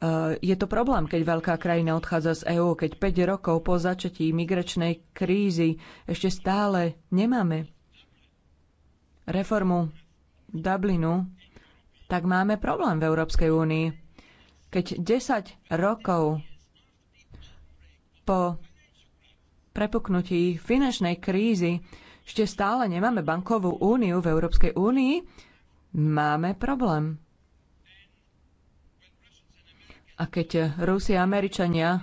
Eh, je to problém, keď veľká krajina odchádza z EÚ, keď 5 rokov po začatí migračnej krízy ešte stále nemáme reformu Dublinu, tak máme problém v Európskej únii. Keď 10 rokov po prepuknutí finančnej krízy ešte stále nemáme bankovú úniu v Európskej únii, máme problém. A keď Rusi a Američania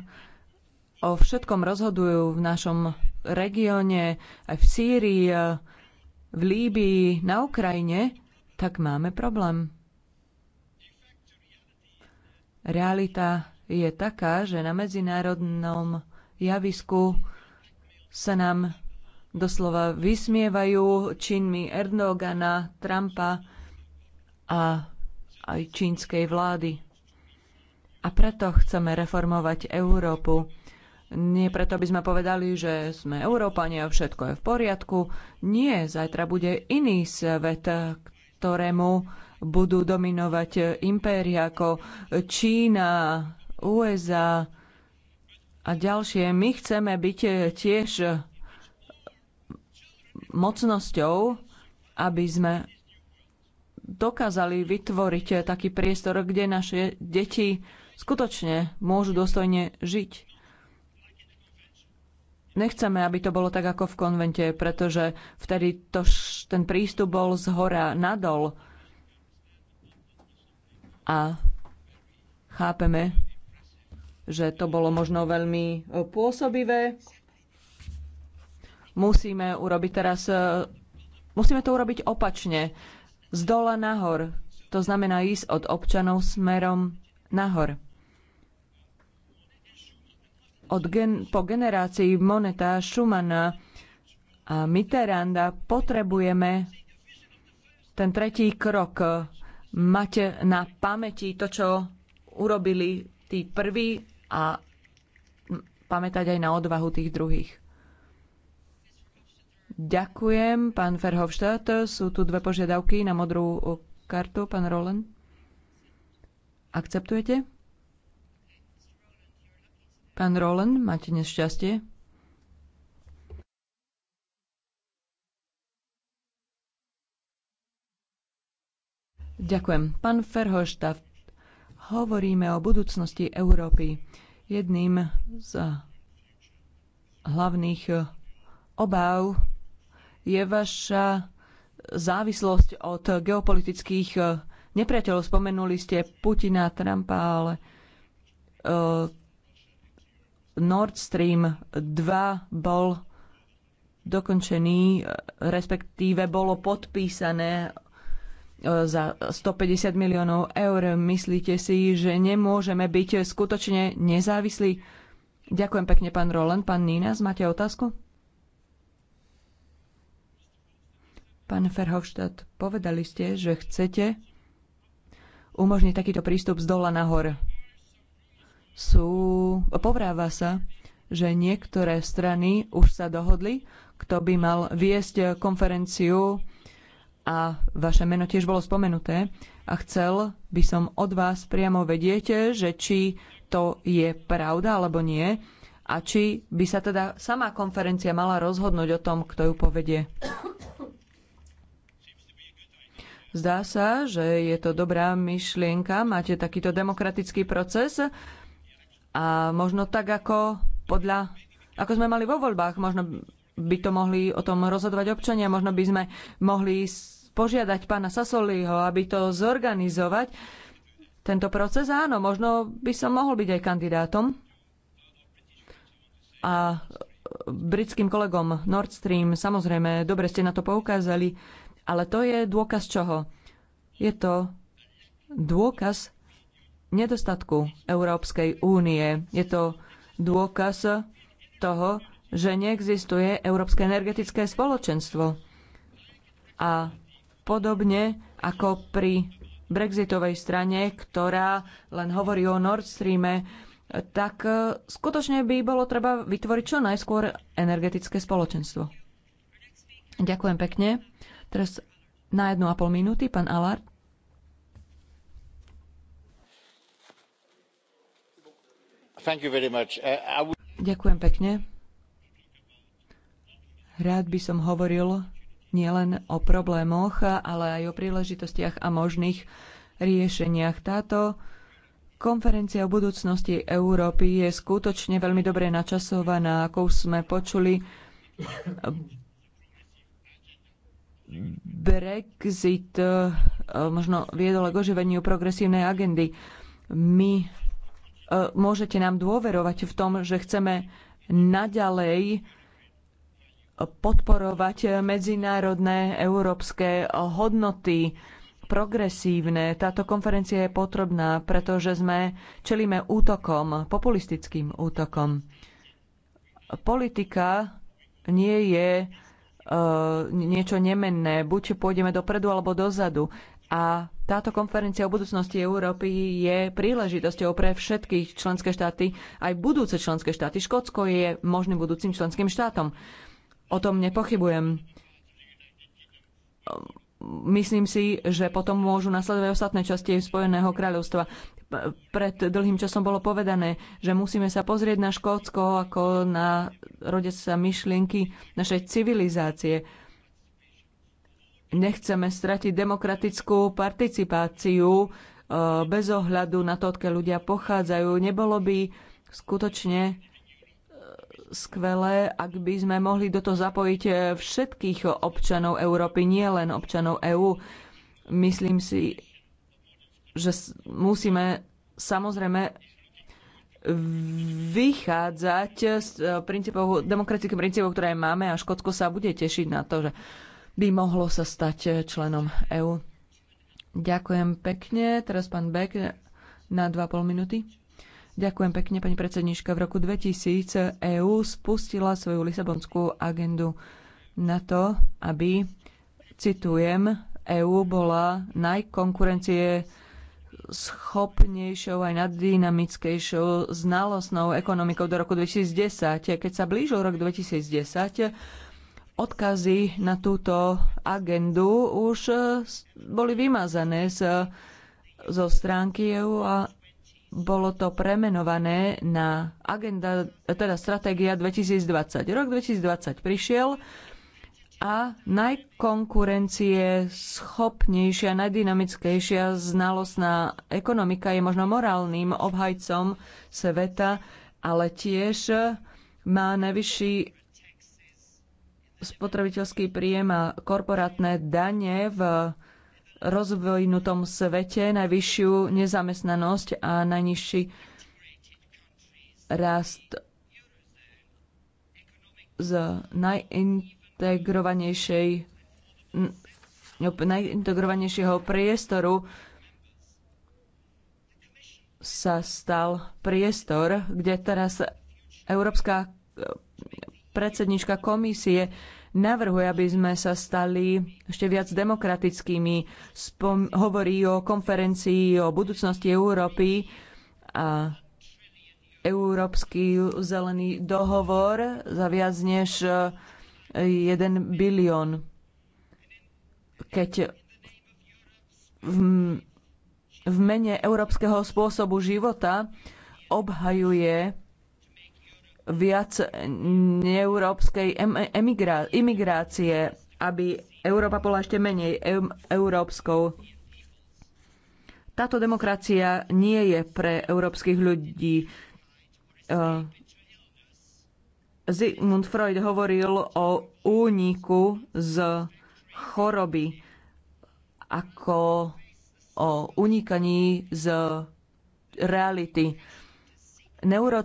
o všetkom rozhodujú v našom regióne, aj v Sýrii, v Líbii, na Ukrajine, tak máme problém. Realita je taká, že na medzinárodnom javisku sa nám doslova vysmievajú činmi Erdogana, Trumpa a aj čínskej vlády. A preto chceme reformovať Európu. Nie preto by sme povedali, že sme Európania, všetko je v poriadku. Nie, zajtra bude iný svet, ktorému budú dominovať impéria ako Čína, USA a ďalšie. My chceme byť tiež mocnosťou, aby sme dokázali vytvoriť taký priestor, kde naše deti skutočne môžu dôstojne žiť. Nechceme, aby to bolo tak ako v konvente, pretože vtedy to, ten prístup bol z hora nadol. A chápeme, že to bolo možno veľmi e, pôsobivé. Musíme urobiť teraz, e, musíme to urobiť opačne. Z dola nahor. To znamená ísť od občanov smerom nahor od gen- po generácii Moneta, Schumana a Mitterranda potrebujeme ten tretí krok. mať na pamäti to, čo urobili tí prví a pamätať aj na odvahu tých druhých. Ďakujem, pán Verhofstadt. Sú tu dve požiadavky na modrú kartu, pán Roland. Akceptujete? Pán Roland, máte nešťastie? Ďakujem. Pán Ferhoštaft, hovoríme o budúcnosti Európy. Jedným z hlavných obáv je vaša závislosť od geopolitických nepriateľov. Spomenuli ste Putina, Trumpa, ale e, Nord Stream 2 bol dokončený, respektíve bolo podpísané e, za 150 miliónov eur. Myslíte si, že nemôžeme byť skutočne nezávislí? Ďakujem pekne, pán Roland. Pán Nínas, máte otázku? Pán Ferhovštát, povedali ste, že chcete umožniť takýto prístup z dola nahor sú, povráva sa, že niektoré strany už sa dohodli, kto by mal viesť konferenciu a vaše meno tiež bolo spomenuté a chcel by som od vás priamo vedieť, že či to je pravda alebo nie a či by sa teda sama konferencia mala rozhodnúť o tom, kto ju povedie. Zdá sa, že je to dobrá myšlienka, máte takýto demokratický proces a možno tak, ako podľa, ako sme mali vo voľbách, možno by to mohli o tom rozhodovať občania, možno by sme mohli požiadať pána Sasoliho, aby to zorganizovať. Tento proces, áno, možno by som mohol byť aj kandidátom. A britským kolegom Nord Stream, samozrejme, dobre ste na to poukázali, ale to je dôkaz čoho? Je to dôkaz nedostatku Európskej únie. Je to dôkaz toho, že neexistuje Európske energetické spoločenstvo. A podobne ako pri brexitovej strane, ktorá len hovorí o Nord Streame, tak skutočne by bolo treba vytvoriť čo najskôr energetické spoločenstvo. Ďakujem pekne. Teraz na jednu a pol minúty, pán Allard. Uh, Ďakujem pekne. Rád by som hovoril nielen o problémoch, ale aj o príležitostiach a možných riešeniach. Táto konferencia o budúcnosti Európy je skutočne veľmi dobre načasovaná, ako už sme počuli. Brexit eh, možno viedol k oživeniu progresívnej agendy. My E, môžete nám dôverovať v tom, že chceme naďalej podporovať medzinárodné európske hodnoty, progresívne. Táto konferencia je potrebná, pretože sme čelíme útokom, populistickým útokom. Politika nie je uh, niečo nemenné. Buď pôjdeme dopredu alebo dozadu. A táto konferencia o budúcnosti Európy je príležitosťou pre všetkých členské štáty, aj budúce členské štáty. Škótsko je možným budúcim členským štátom. O tom nepochybujem. Myslím si, že potom môžu nasledovať ostatné časti Spojeného kráľovstva. Pred dlhým časom bolo povedané, že musíme sa pozrieť na Škótsko ako na rodec sa myšlienky našej civilizácie nechceme stratiť demokratickú participáciu e, bez ohľadu na to, odkiaľ ľudia pochádzajú. Nebolo by skutočne e, skvelé, ak by sme mohli do toho zapojiť e, všetkých občanov Európy, nie len občanov EÚ. Myslím si, že musíme samozrejme vychádzať z princípov, demokratických princípov, ktoré máme a Škótsko sa bude tešiť na to, že by mohlo sa stať eh, členom EÚ. Ďakujem pekne. Teraz pán Beck na 2,5 minúty. Ďakujem pekne, pani predsednička. V roku 2000 EÚ spustila svoju Lisabonskú agendu na to, aby, citujem, EÚ bola najkonkurencie schopnejšou aj naddynamickejšou znalostnou ekonomikou do roku 2010. Keď sa blížil rok 2010, odkazy na túto agendu už eh, boli vymazané z, zo stránky EU a bolo to premenované na agenda, eh, teda stratégia 2020. Rok 2020 prišiel a najkonkurencie schopnejšia, najdynamickejšia znalostná ekonomika je možno morálnym obhajcom sveta, ale tiež eh, má najvyšší spotrebiteľský príjem a korporátne dane v rozvojnutom svete, najvyššiu nezamestnanosť a najnižší rast z najintegrovanejšej no, najintegrovanejšieho priestoru sa stal priestor, kde teraz Európska predsednička komisie navrhuje, aby sme sa stali ešte viac demokratickými. Spom- hovorí o konferencii o budúcnosti Európy a Európsky zelený dohovor za viac než 1 e, bilión. Keď v, v mene európskeho spôsobu života obhajuje viac neeurópskej imigrácie, aby Európa bola ešte menej európskou. Táto demokracia nie je pre európskych ľudí. Sigmund eh, Freud hovoril o úniku z choroby ako o unikaní z reality. Neuro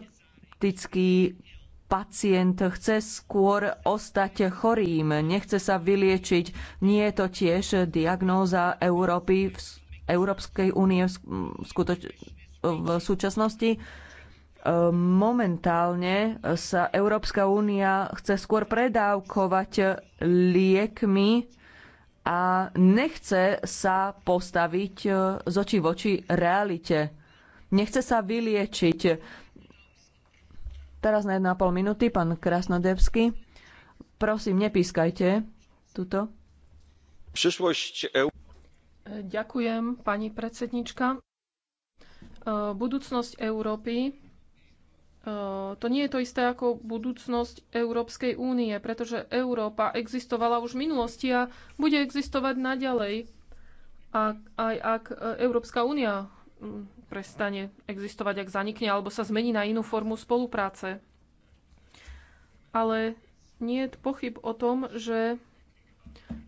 skeptický pacient chce skôr ostať chorým, nechce sa vyliečiť. Nie je to tiež diagnóza Európy, Európskej únie v, skutoč- v súčasnosti. Momentálne sa Európska únia chce skôr predávkovať liekmi a nechce sa postaviť z oči v oči realite. Nechce sa vyliečiť Teraz na 1,5 minúty pán Krasnodevský. Prosím, nepískajte tuto. Ďakujem, pani predsednička. E, budúcnosť Európy e, to nie je to isté ako budúcnosť Európskej únie, pretože Európa existovala už v minulosti a bude existovať naďalej. A aj ak e, Európska únia prestane existovať, ak zanikne alebo sa zmení na inú formu spolupráce. Ale nie je pochyb o tom, že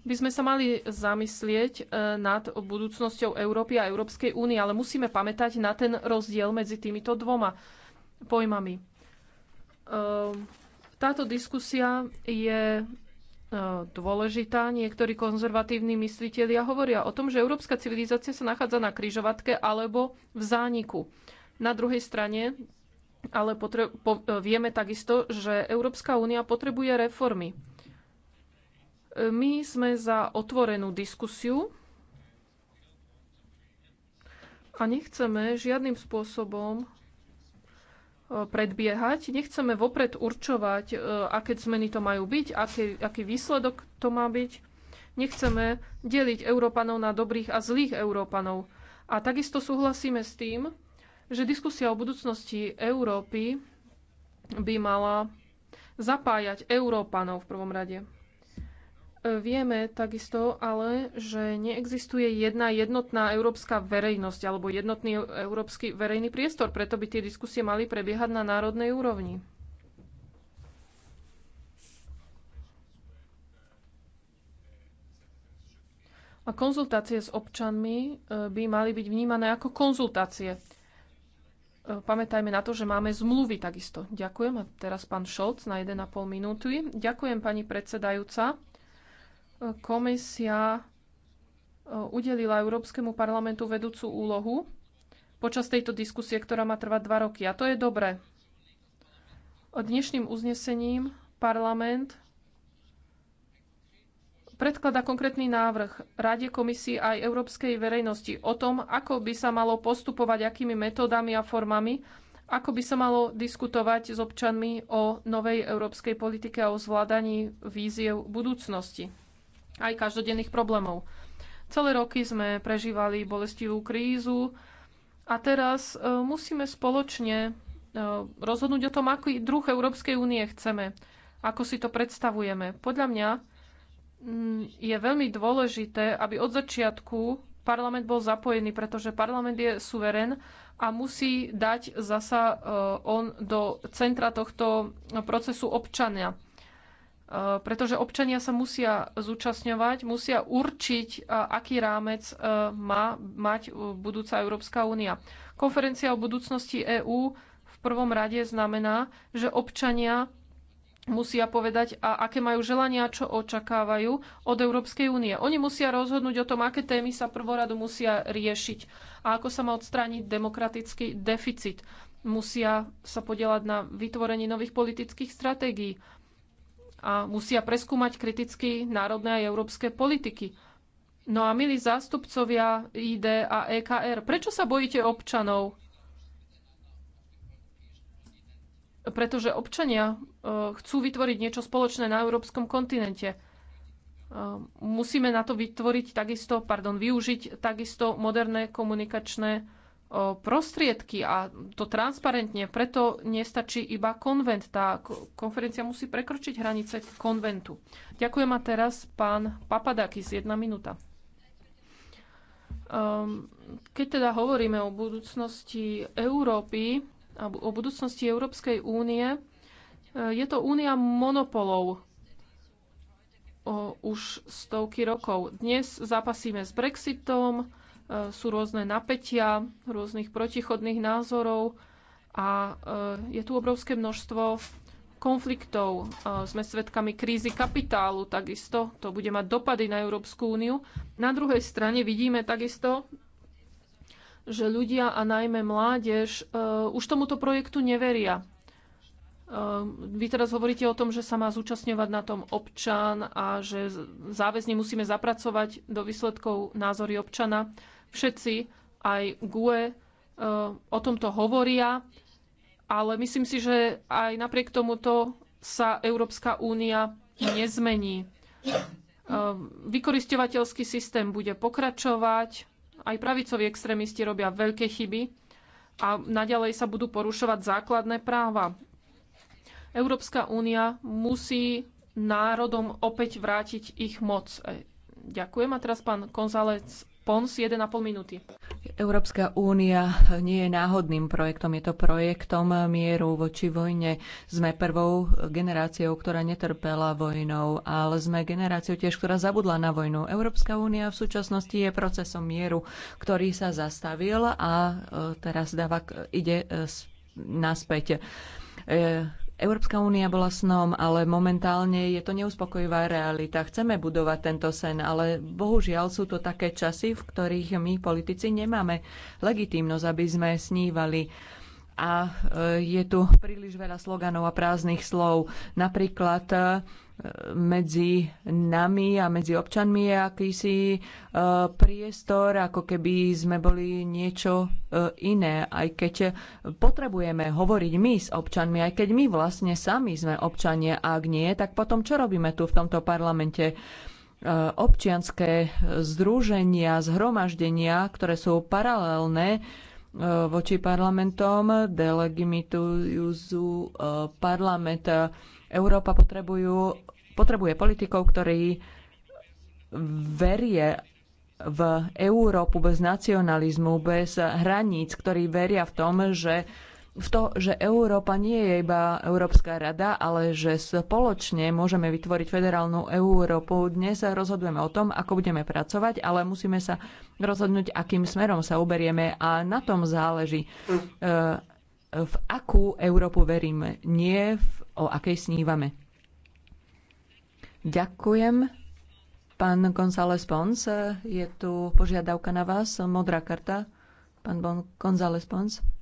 by sme sa mali zamyslieť e, nad budúcnosťou Európy a Európskej únie, ale musíme pamätať na ten rozdiel medzi týmito dvoma pojmami. Ehm, táto diskusia je E, dôležitá. Niektorí konzervatívni mysliteľia hovoria o tom, že európska civilizácia sa nachádza na kryžovatke alebo v zániku. Na druhej strane ale potre- po- e, vieme takisto, že Európska únia potrebuje reformy. E, my sme za otvorenú diskusiu a nechceme žiadnym spôsobom predbiehať, nechceme vopred určovať, e, aké zmeny to majú byť, aký, aký výsledok to má byť. Nechceme deliť Európanov na dobrých a zlých Európanov. A takisto súhlasíme s tým, že diskusia o budúcnosti Európy by mala zapájať Európanov v prvom rade. Vieme takisto ale, že neexistuje jedna jednotná európska verejnosť alebo jednotný európsky verejný priestor, preto by tie diskusie mali prebiehať na národnej úrovni. A konzultácie s občanmi e, by mali byť vnímané ako konzultácie. E, pamätajme na to, že máme zmluvy takisto. Ďakujem. A teraz pán Šolc na 1,5 minúty. Ďakujem, pani predsedajúca komisia e, udelila Európskemu parlamentu vedúcu úlohu počas tejto diskusie, ktorá má trvať dva roky. A to je dobré. Dnešným uznesením parlament predklada konkrétny návrh Rade komisii aj Európskej verejnosti o tom, ako by sa malo postupovať, akými metódami a formami, ako by sa malo diskutovať s občanmi o novej európskej politike a o zvládaní víziev budúcnosti aj každodenných problémov. Celé roky sme prežívali bolestivú krízu a teraz e, musíme spoločne e, rozhodnúť o tom, aký druh Európskej únie chceme, ako si to predstavujeme. Podľa mňa je veľmi dôležité, aby od začiatku parlament bol zapojený, pretože parlament je suverén a musí dať zasa e, on do centra tohto procesu občania. Eh, pretože občania sa musia zúčastňovať, musia určiť, eh, aký rámec eh, má mať budúca Európska únia. Konferencia o budúcnosti EÚ v prvom rade znamená, že občania musia povedať, a aké majú želania, čo očakávajú od Európskej únie. Oni musia rozhodnúť o tom, aké témy sa prvoradu musia riešiť a ako sa má odstrániť demokratický deficit. Musia sa podielať na vytvorení nových politických stratégií a musia preskúmať kriticky národné a európske politiky. No a milí zástupcovia ID a EKR, prečo sa bojíte občanov? Pretože občania e, chcú vytvoriť niečo spoločné na európskom kontinente. E, musíme na to vytvoriť takisto, pardon, využiť takisto moderné komunikačné prostriedky a to transparentne. Preto nestačí iba konvent. Tá konferencia musí prekročiť hranice konventu. Ďakujem a teraz pán Papadakis, jedna minúta. Ehm, keď teda hovoríme o budúcnosti Európy, o budúcnosti Európskej únie, e, je to únia monopolov, už stovky rokov. Dnes zápasíme s Brexitom, E, sú rôzne napätia, rôznych protichodných názorov a e, je tu obrovské množstvo konfliktov. E, sme svedkami krízy kapitálu takisto, to bude mať dopady na Európsku úniu. Na druhej strane vidíme takisto, že ľudia a najmä mládež už tomuto projektu neveria. Vy teraz hovoríte o tom, že sa má zúčastňovať na tom občan a že záväzne musíme zapracovať do výsledkov názory občana. Všetci, aj GUE, eh, o tomto hovoria, ale myslím si, že aj napriek tomuto sa Európska únia nezmení. Eh, Vykoristovateľský systém bude pokračovať, aj pravicoví extrémisti robia veľké chyby a naďalej sa budú porušovať základné práva. Európska únia musí národom opäť vrátiť ich moc. Eh, ďakujem. A teraz pán Konzalec Pons, 1,5 minúty. Európska únia nie je náhodným projektom, je to projektom mieru voči vojne. Sme prvou generáciou, ktorá netrpela vojnou, ale sme generáciou tiež, ktorá zabudla na vojnu. Európska únia v súčasnosti je procesom mieru, ktorý sa zastavil a e, teraz dáva, ide e, naspäť e, Európska únia bola snom, ale momentálne je to neuspokojivá realita. Chceme budovať tento sen, ale bohužiaľ sú to také časy, v ktorých my politici nemáme legitímnosť, aby sme snívali a e, je tu príliš veľa sloganov a prázdnych slov. Napríklad e, medzi nami a medzi občanmi je akýsi e, priestor, ako keby sme boli niečo iné, aj keď potrebujeme hovoriť my s občanmi, aj keď my vlastne sami sme občania, ak nie, tak potom čo robíme tu v tomto parlamente? Občianské združenia, zhromaždenia, ktoré sú paralelné, E, voči parlamentom, delegimitujúzu e, parlament. Európa potrebujú, potrebuje politikov, ktorí verie v Európu bez nacionalizmu, bez hraníc, ktorí veria v tom, že v to, že Európa nie je iba Európska rada, ale že spoločne môžeme vytvoriť federálnu Európu. Dnes sa rozhodujeme o tom, ako budeme pracovať, ale musíme sa rozhodnúť, akým smerom sa uberieme a na tom záleží, e, v akú Európu veríme, nie v, o akej snívame. Ďakujem. Pán González Pons, e, je tu požiadavka na vás, modrá karta. Pán bon González Pons.